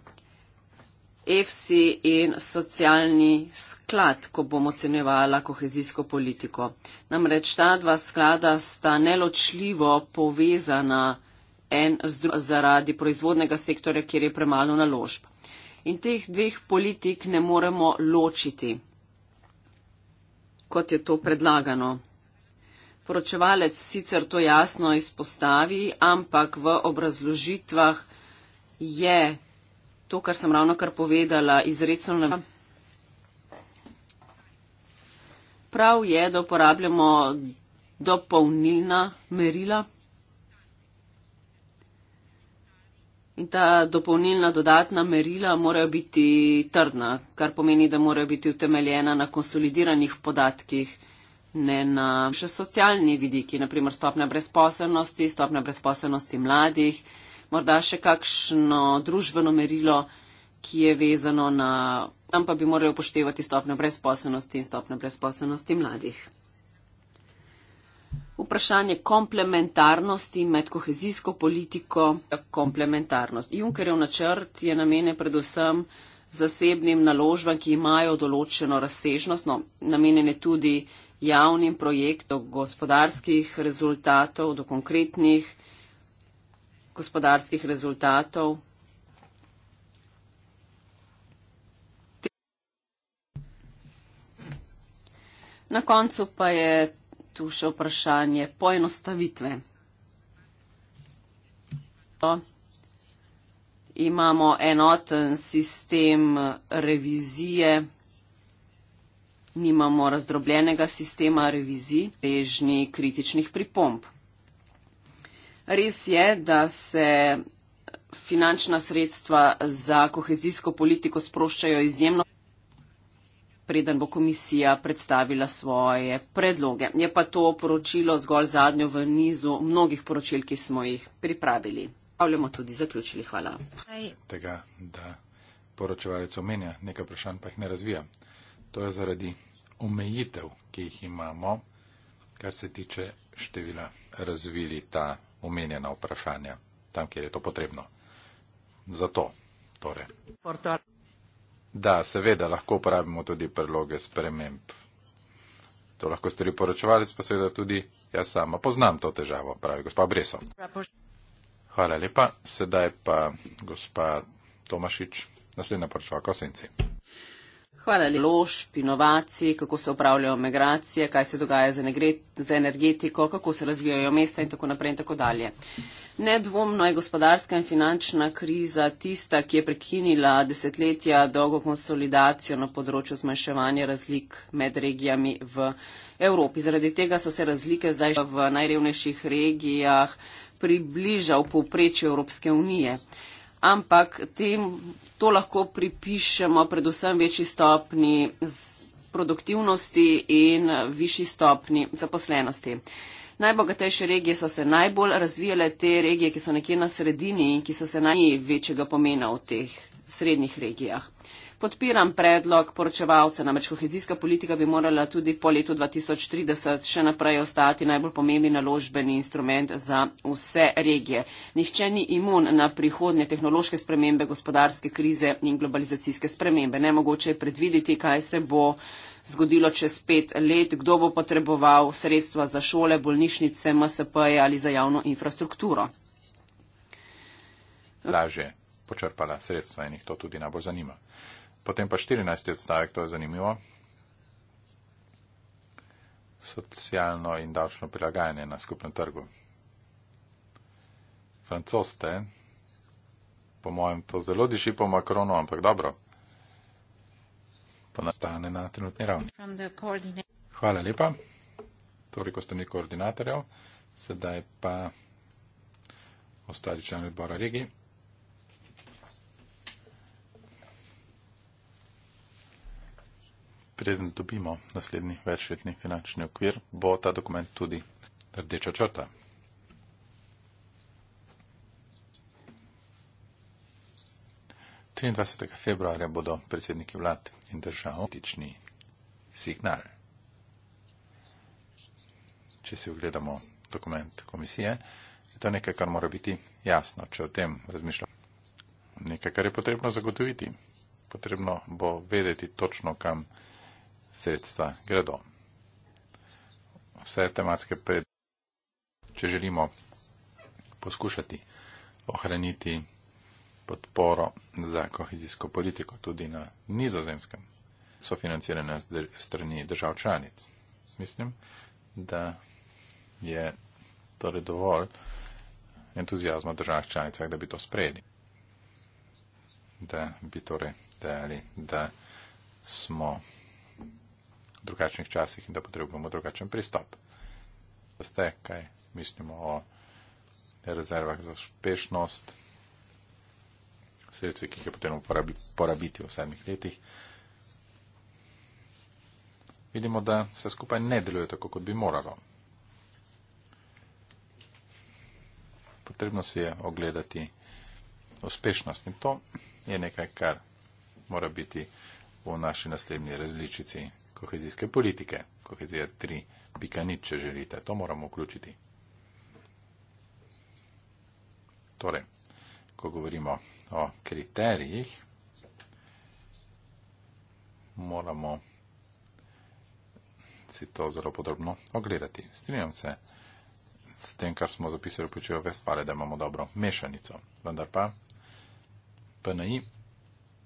EFSI in socialni sklad, ko bom ocenjevala kohezijsko politiko. Namreč ta dva sklada sta neločljivo povezana en z drugim zaradi proizvodnega sektorja, kjer je premalo naložb. In teh dveh politik ne moremo ločiti, kot je to predlagano poročevalec sicer to jasno izpostavi, ampak v obrazložitvah je to, kar sem ravno kar povedala, izredno navedeno. Prav je, da uporabljamo dopolnilna merila. In ta dopolnilna dodatna merila morajo biti trdna, kar pomeni, da morajo biti utemeljena na konsolidiranih podatkih ne na še socialni vidiki, naprimer stopnja brezposelnosti, stopnja brezposelnosti mladih, morda še kakšno družbeno merilo, ki je vezano na, tam pa bi morali upoštevati stopnjo brezposelnosti in stopnjo brezposelnosti mladih. Vprašanje komplementarnosti med kohezijsko politiko in komplementarnost. Junkerjev načrt je namenjen predvsem zasebnim naložbam, ki imajo določeno razsežnost, no, namenjen je tudi javnim projektom, gospodarskih rezultatov, do konkretnih gospodarskih rezultatov. Na koncu pa je tu še vprašanje poenostavitve. Imamo enoten sistem revizije nimamo razdrobljenega sistema revizij, težni kritičnih pripomb. Res je, da se finančna sredstva za kohezijsko politiko sproščajo izjemno, preden bo komisija predstavila svoje predloge. Je pa to poročilo zgolj zadnjo v nizu mnogih poročil, ki smo jih pripravili. Pravljamo tudi zaključili. Hvala. Tega, da poročevalec omenja nekaj vprašanj, pa jih ne razvija. To je zaradi omejitev, ki jih imamo, kar se tiče števila, razvili ta omenjena vprašanja tam, kjer je to potrebno. Zato, torej. Portal. Da, seveda, lahko uporabimo tudi predloge sprememb. To lahko stori poročevalec, pa seveda tudi jaz sama poznam to težavo, pravi gospa Breso. Hvala lepa. Sedaj pa gospa Tomašič, naslednja poročevalka o senci. Hvala lepa. Ložb, inovacij, kako se upravljajo migracije, kaj se dogaja z energetiko, kako se razvijajo mesta in tako naprej in tako dalje. Nedvomno je gospodarska in finančna kriza tista, ki je prekinila desetletja dolgo konsolidacijo na področju zmanjševanja razlik med regijami v Evropi. Zaradi tega so se razlike zdaj v najrevnejših regijah približal povprečju Evropske unije ampak tem, to lahko pripišemo predvsem večji stopni produktivnosti in višji stopni zaposlenosti. Najbogatejše regije so se najbolj razvijale, te regije, ki so nekje na sredini in ki so se največjega pomena v teh srednjih regijah podpiram predlog poročevalca, namreč kohezijska politika bi morala tudi po letu 2030 še naprej ostati najbolj pomembni naložbeni instrument za vse regije. Nihče ni imun na prihodnje tehnološke spremembe, gospodarske krize in globalizacijske spremembe. Nemogoče je predvideti, kaj se bo zgodilo čez pet let, kdo bo potreboval sredstva za šole, bolnišnice, MSP ali za javno infrastrukturo. Laže počrpala sredstva in jih to tudi najbolj zanima. Potem pa 14. odstavek, to je zanimivo. Socialno in davčno prilagajanje na skupnem trgu. Francoste, po mojem, to zelo diši po Makronu, ampak dobro. Ponastane na trenutni ravni. Hvala lepa. Toliko ste mi koordinatorjev. Sedaj pa ostali člani odbora regije. preden dobimo naslednji večletni finančni okvir, bo ta dokument tudi rdeča črta. februarja bodo predsedniki vlad in držav optični signal. Če si ogledamo dokument komisije, je to nekaj, kar mora biti jasno, če o tem razmišljamo. Nekaj, kar je potrebno zagotoviti. Potrebno bo vedeti točno, kam sredstva gredo. Vse tematske pred, če želimo poskušati ohraniti podporo za kohezijsko politiko tudi na nizozemskem, so financirane strani držav članic. Mislim, da je torej dovolj entuzijazma v državah članicah, da bi to sprejeli. Da bi torej dali, da smo drugačnih časih in da potrebujemo drugačen pristop. Veste, kaj mislimo o rezervah za uspešnost, sredstvih, ki jih je potrebno porabiti v sedmih letih. Vidimo, da se skupaj ne deluje tako, kot bi moralo. Potrebno si je ogledati uspešnost in to je nekaj, kar mora biti v naši naslednji različici kohezijske politike, kohezija 3.0, če želite, to moramo vključiti. Torej, ko govorimo o kriterijih, moramo si to zelo podrobno ogledati. Strinjam se s tem, kar smo zapisali v počelju Vestpale, da imamo dobro mešanico. Vendar pa PNI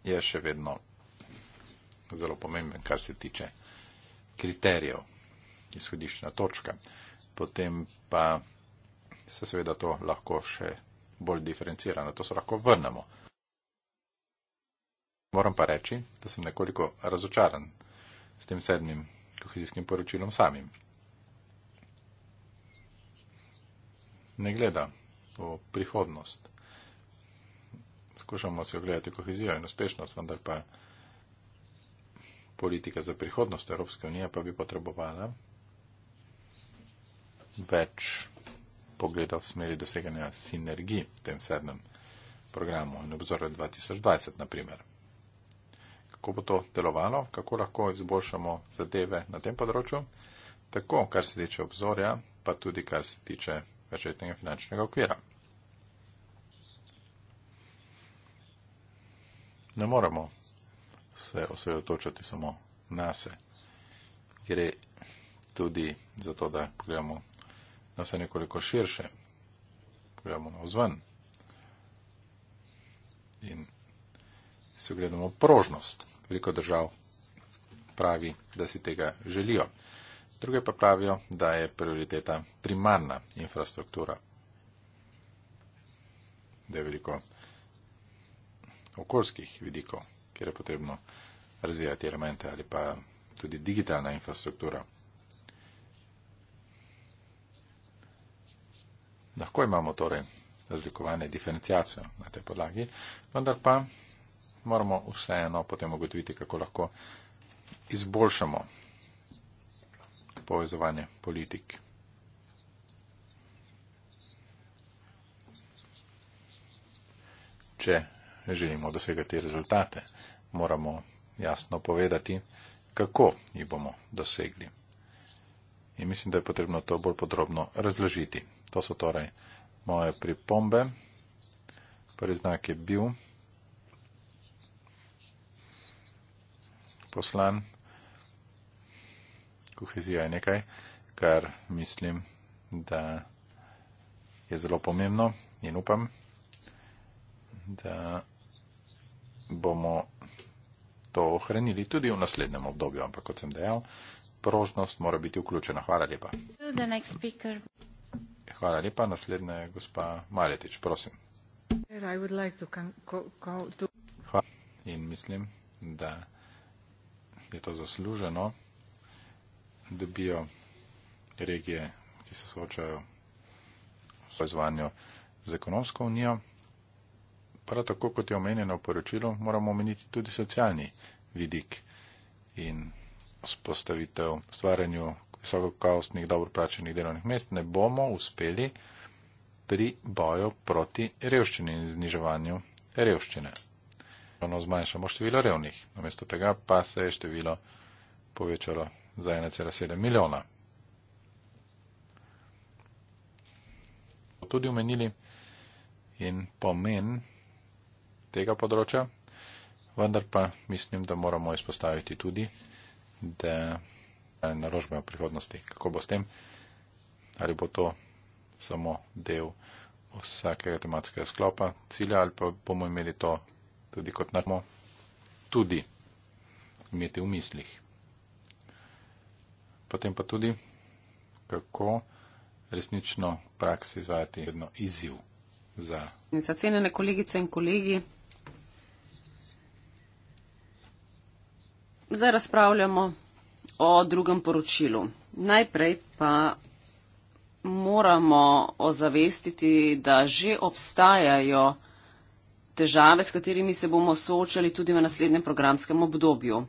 je še vedno zelo pomemben, kar se tiče kriterijev, izhodiščna točka. Potem pa se seveda to lahko še bolj diferencira, na to se lahko vrnemo. Moram pa reči, da sem nekoliko razočaran s tem sedmim kohezijskim poročilom samim. Ne gleda v prihodnost. Skušamo si ogledati kohezijo in uspešnost, vendar pa politika za prihodnost Evropske unije pa bi potrebovala več pogleda v smeri doseganja sinergij v tem sedmem programu in obzorju 2020, na primer. Kako bo to delovalo, kako lahko izboljšamo zadeve na tem področju, tako kar se tiče obzorja, pa tudi kar se tiče večletnega finančnega okvira. Ne moremo se osredotočati samo na se. Gre tudi za to, da pogledamo na vse nekoliko širše, pogledamo na vzven in si ogledamo prožnost. Veliko držav pravi, da si tega želijo. Druge pa pravijo, da je prioriteta primarna infrastruktura, da je veliko okoljskih vidikov kjer je potrebno razvijati elemente ali pa tudi digitalna infrastruktura. Lahko imamo torej razlikovanje, diferencijacijo na tej podlagi, vendar pa moramo vseeno potem ugotoviti, kako lahko izboljšamo povezovanje politik. Če želimo dosegati rezultate moramo jasno povedati, kako jih bomo dosegli. In mislim, da je potrebno to bolj podrobno razložiti. To so torej moje pripombe. Prvi znak je bil poslan. Kohezija je nekaj, kar mislim, da je zelo pomembno in upam, da bomo to ohranili tudi v naslednjem obdobju, ampak kot sem dejal, prožnost mora biti vključena. Hvala lepa. Hvala lepa. Naslednja je gospa Maletič, prosim. Like to to... Hvala. In mislim, da je to zasluženo, da bijo regije, ki se soočajo s soizvanjo z ekonomsko unijo. Prav tako, kot je omenjeno v poročilu, moramo omeniti tudi socialni vidik in spostavitev stvarjanju visokokaostnih, dobro plačenih delovnih mest. Ne bomo uspeli pri boju proti revščini in zniževanju revščine. Ono zmanjšamo število revnih, namesto tega pa se je število povečalo za 1,7 milijona. Tudi omenili in pomen tega področja, vendar pa mislim, da moramo izpostaviti tudi, da eh, naložbe v prihodnosti, kako bo s tem, ali bo to samo del vsakega tematskega sklopa cilja ali pa bomo imeli to tudi kot naravno, tudi imeti v mislih. Potem pa tudi, kako resnično praksi izvajati, vedno izziv za. Cenjene kolegice in kolegi. zdaj razpravljamo o drugem poročilu. Najprej pa moramo ozavestiti, da že obstajajo težave, s katerimi se bomo soočali tudi v naslednjem programskem obdobju.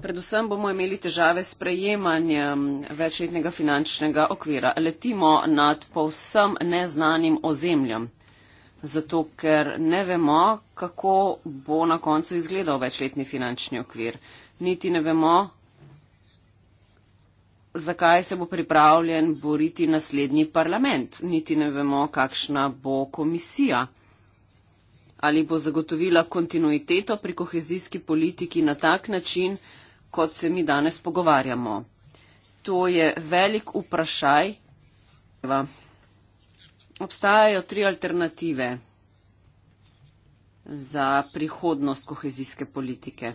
Predvsem bomo imeli težave s prejemanjem večletnega finančnega okvira. Letimo nad povsem neznanim ozemljem zato ker ne vemo, kako bo na koncu izgledal večletni finančni okvir. Niti ne vemo, zakaj se bo pripravljen boriti naslednji parlament. Niti ne vemo, kakšna bo komisija. Ali bo zagotovila kontinuiteto pri kohezijski politiki na tak način, kot se mi danes pogovarjamo. To je velik vprašaj obstajajo tri alternative za prihodnost kohezijske politike.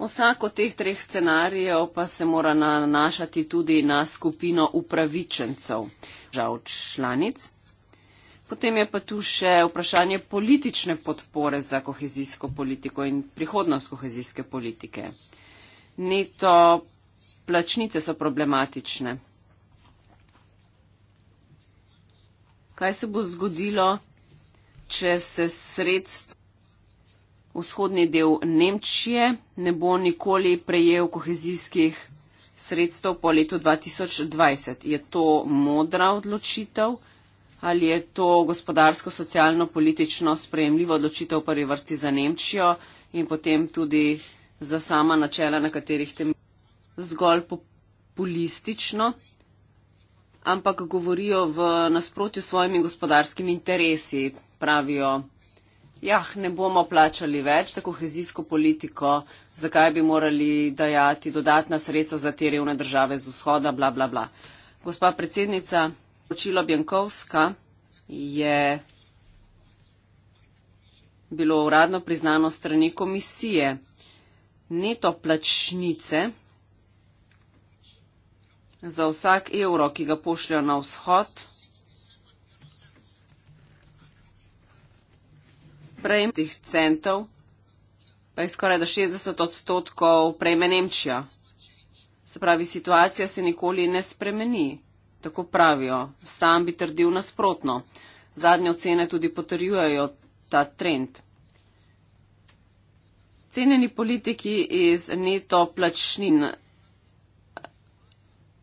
Vsako teh treh scenarijev pa se mora nanašati tudi na skupino upravičencev, žal članic. Potem je pa tu še vprašanje politične podpore za kohezijsko politiko in prihodnost kohezijske politike. Neto plačnice so problematične. Kaj se bo zgodilo, če se sredstvo vzhodni del Nemčije ne bo nikoli prejel kohezijskih sredstev po letu 2020? Je to modra odločitev ali je to gospodarsko-socialno-politično sprejemljivo odločitev v prvi vrsti za Nemčijo in potem tudi za sama načela, na katerih temelji? zgolj populistično, ampak govorijo v nasprotju s svojimi gospodarskimi interesi. Pravijo, ja, ne bomo plačali več za kohezijsko politiko, zakaj bi morali dajati dodatna sredstva za te revne države z vzhoda, bla, bla, bla. Gospa predsednica, poročilo Bjankovska je bilo uradno priznano strani komisije. Neto plačnice za vsak evro, ki ga pošljajo na vzhod, prejme tih centov, pa jih skoraj da 60 odstotkov prejme Nemčija. Se pravi, situacija se nikoli ne spremeni, tako pravijo. Sam bi trdil nasprotno. Zadnje ocene tudi potrjujejo ta trend. Cenjeni politiki iz neto plačnin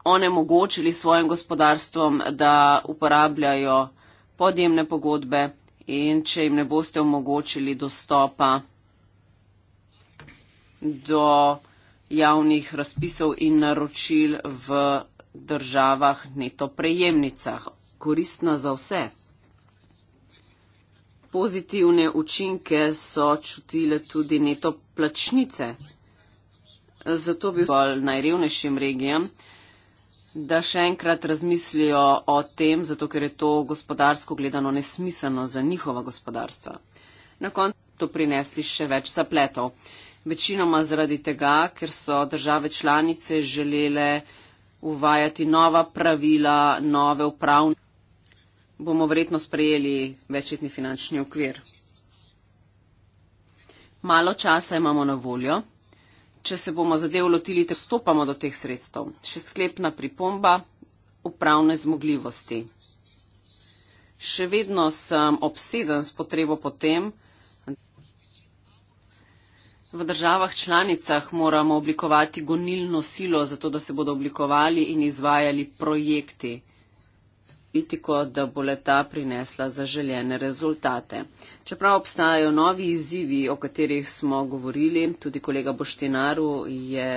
onemogočili svojim gospodarstvom, da uporabljajo podjemne pogodbe in če jim ne boste omogočili dostopa do javnih razpisov in naročil v državah neto prejemnicah. Koristna za vse. Pozitivne učinke so čutile tudi neto plačnice. Zato bi zgolj najrevnejšim regijam da še enkrat razmislijo o tem, zato ker je to gospodarsko gledano nesmiselno za njihova gospodarstva. Na koncu to prinesli še več zapletov. Večinoma zaradi tega, ker so države članice želele uvajati nova pravila, nove upravne. Bomo verjetno sprejeli večetni finančni okvir. Malo časa imamo na voljo če se bomo zadev lotili, te vstopamo do teh sredstev. Še sklepna pripomba upravne zmogljivosti. Še vedno sem obseden s potrebo potem, V državah članicah moramo oblikovati gonilno silo, zato da se bodo oblikovali in izvajali projekti politiko, da bo leta prinesla zaželjene rezultate. Čeprav obstajajo novi izzivi, o katerih smo govorili, tudi kolega Boštinaru je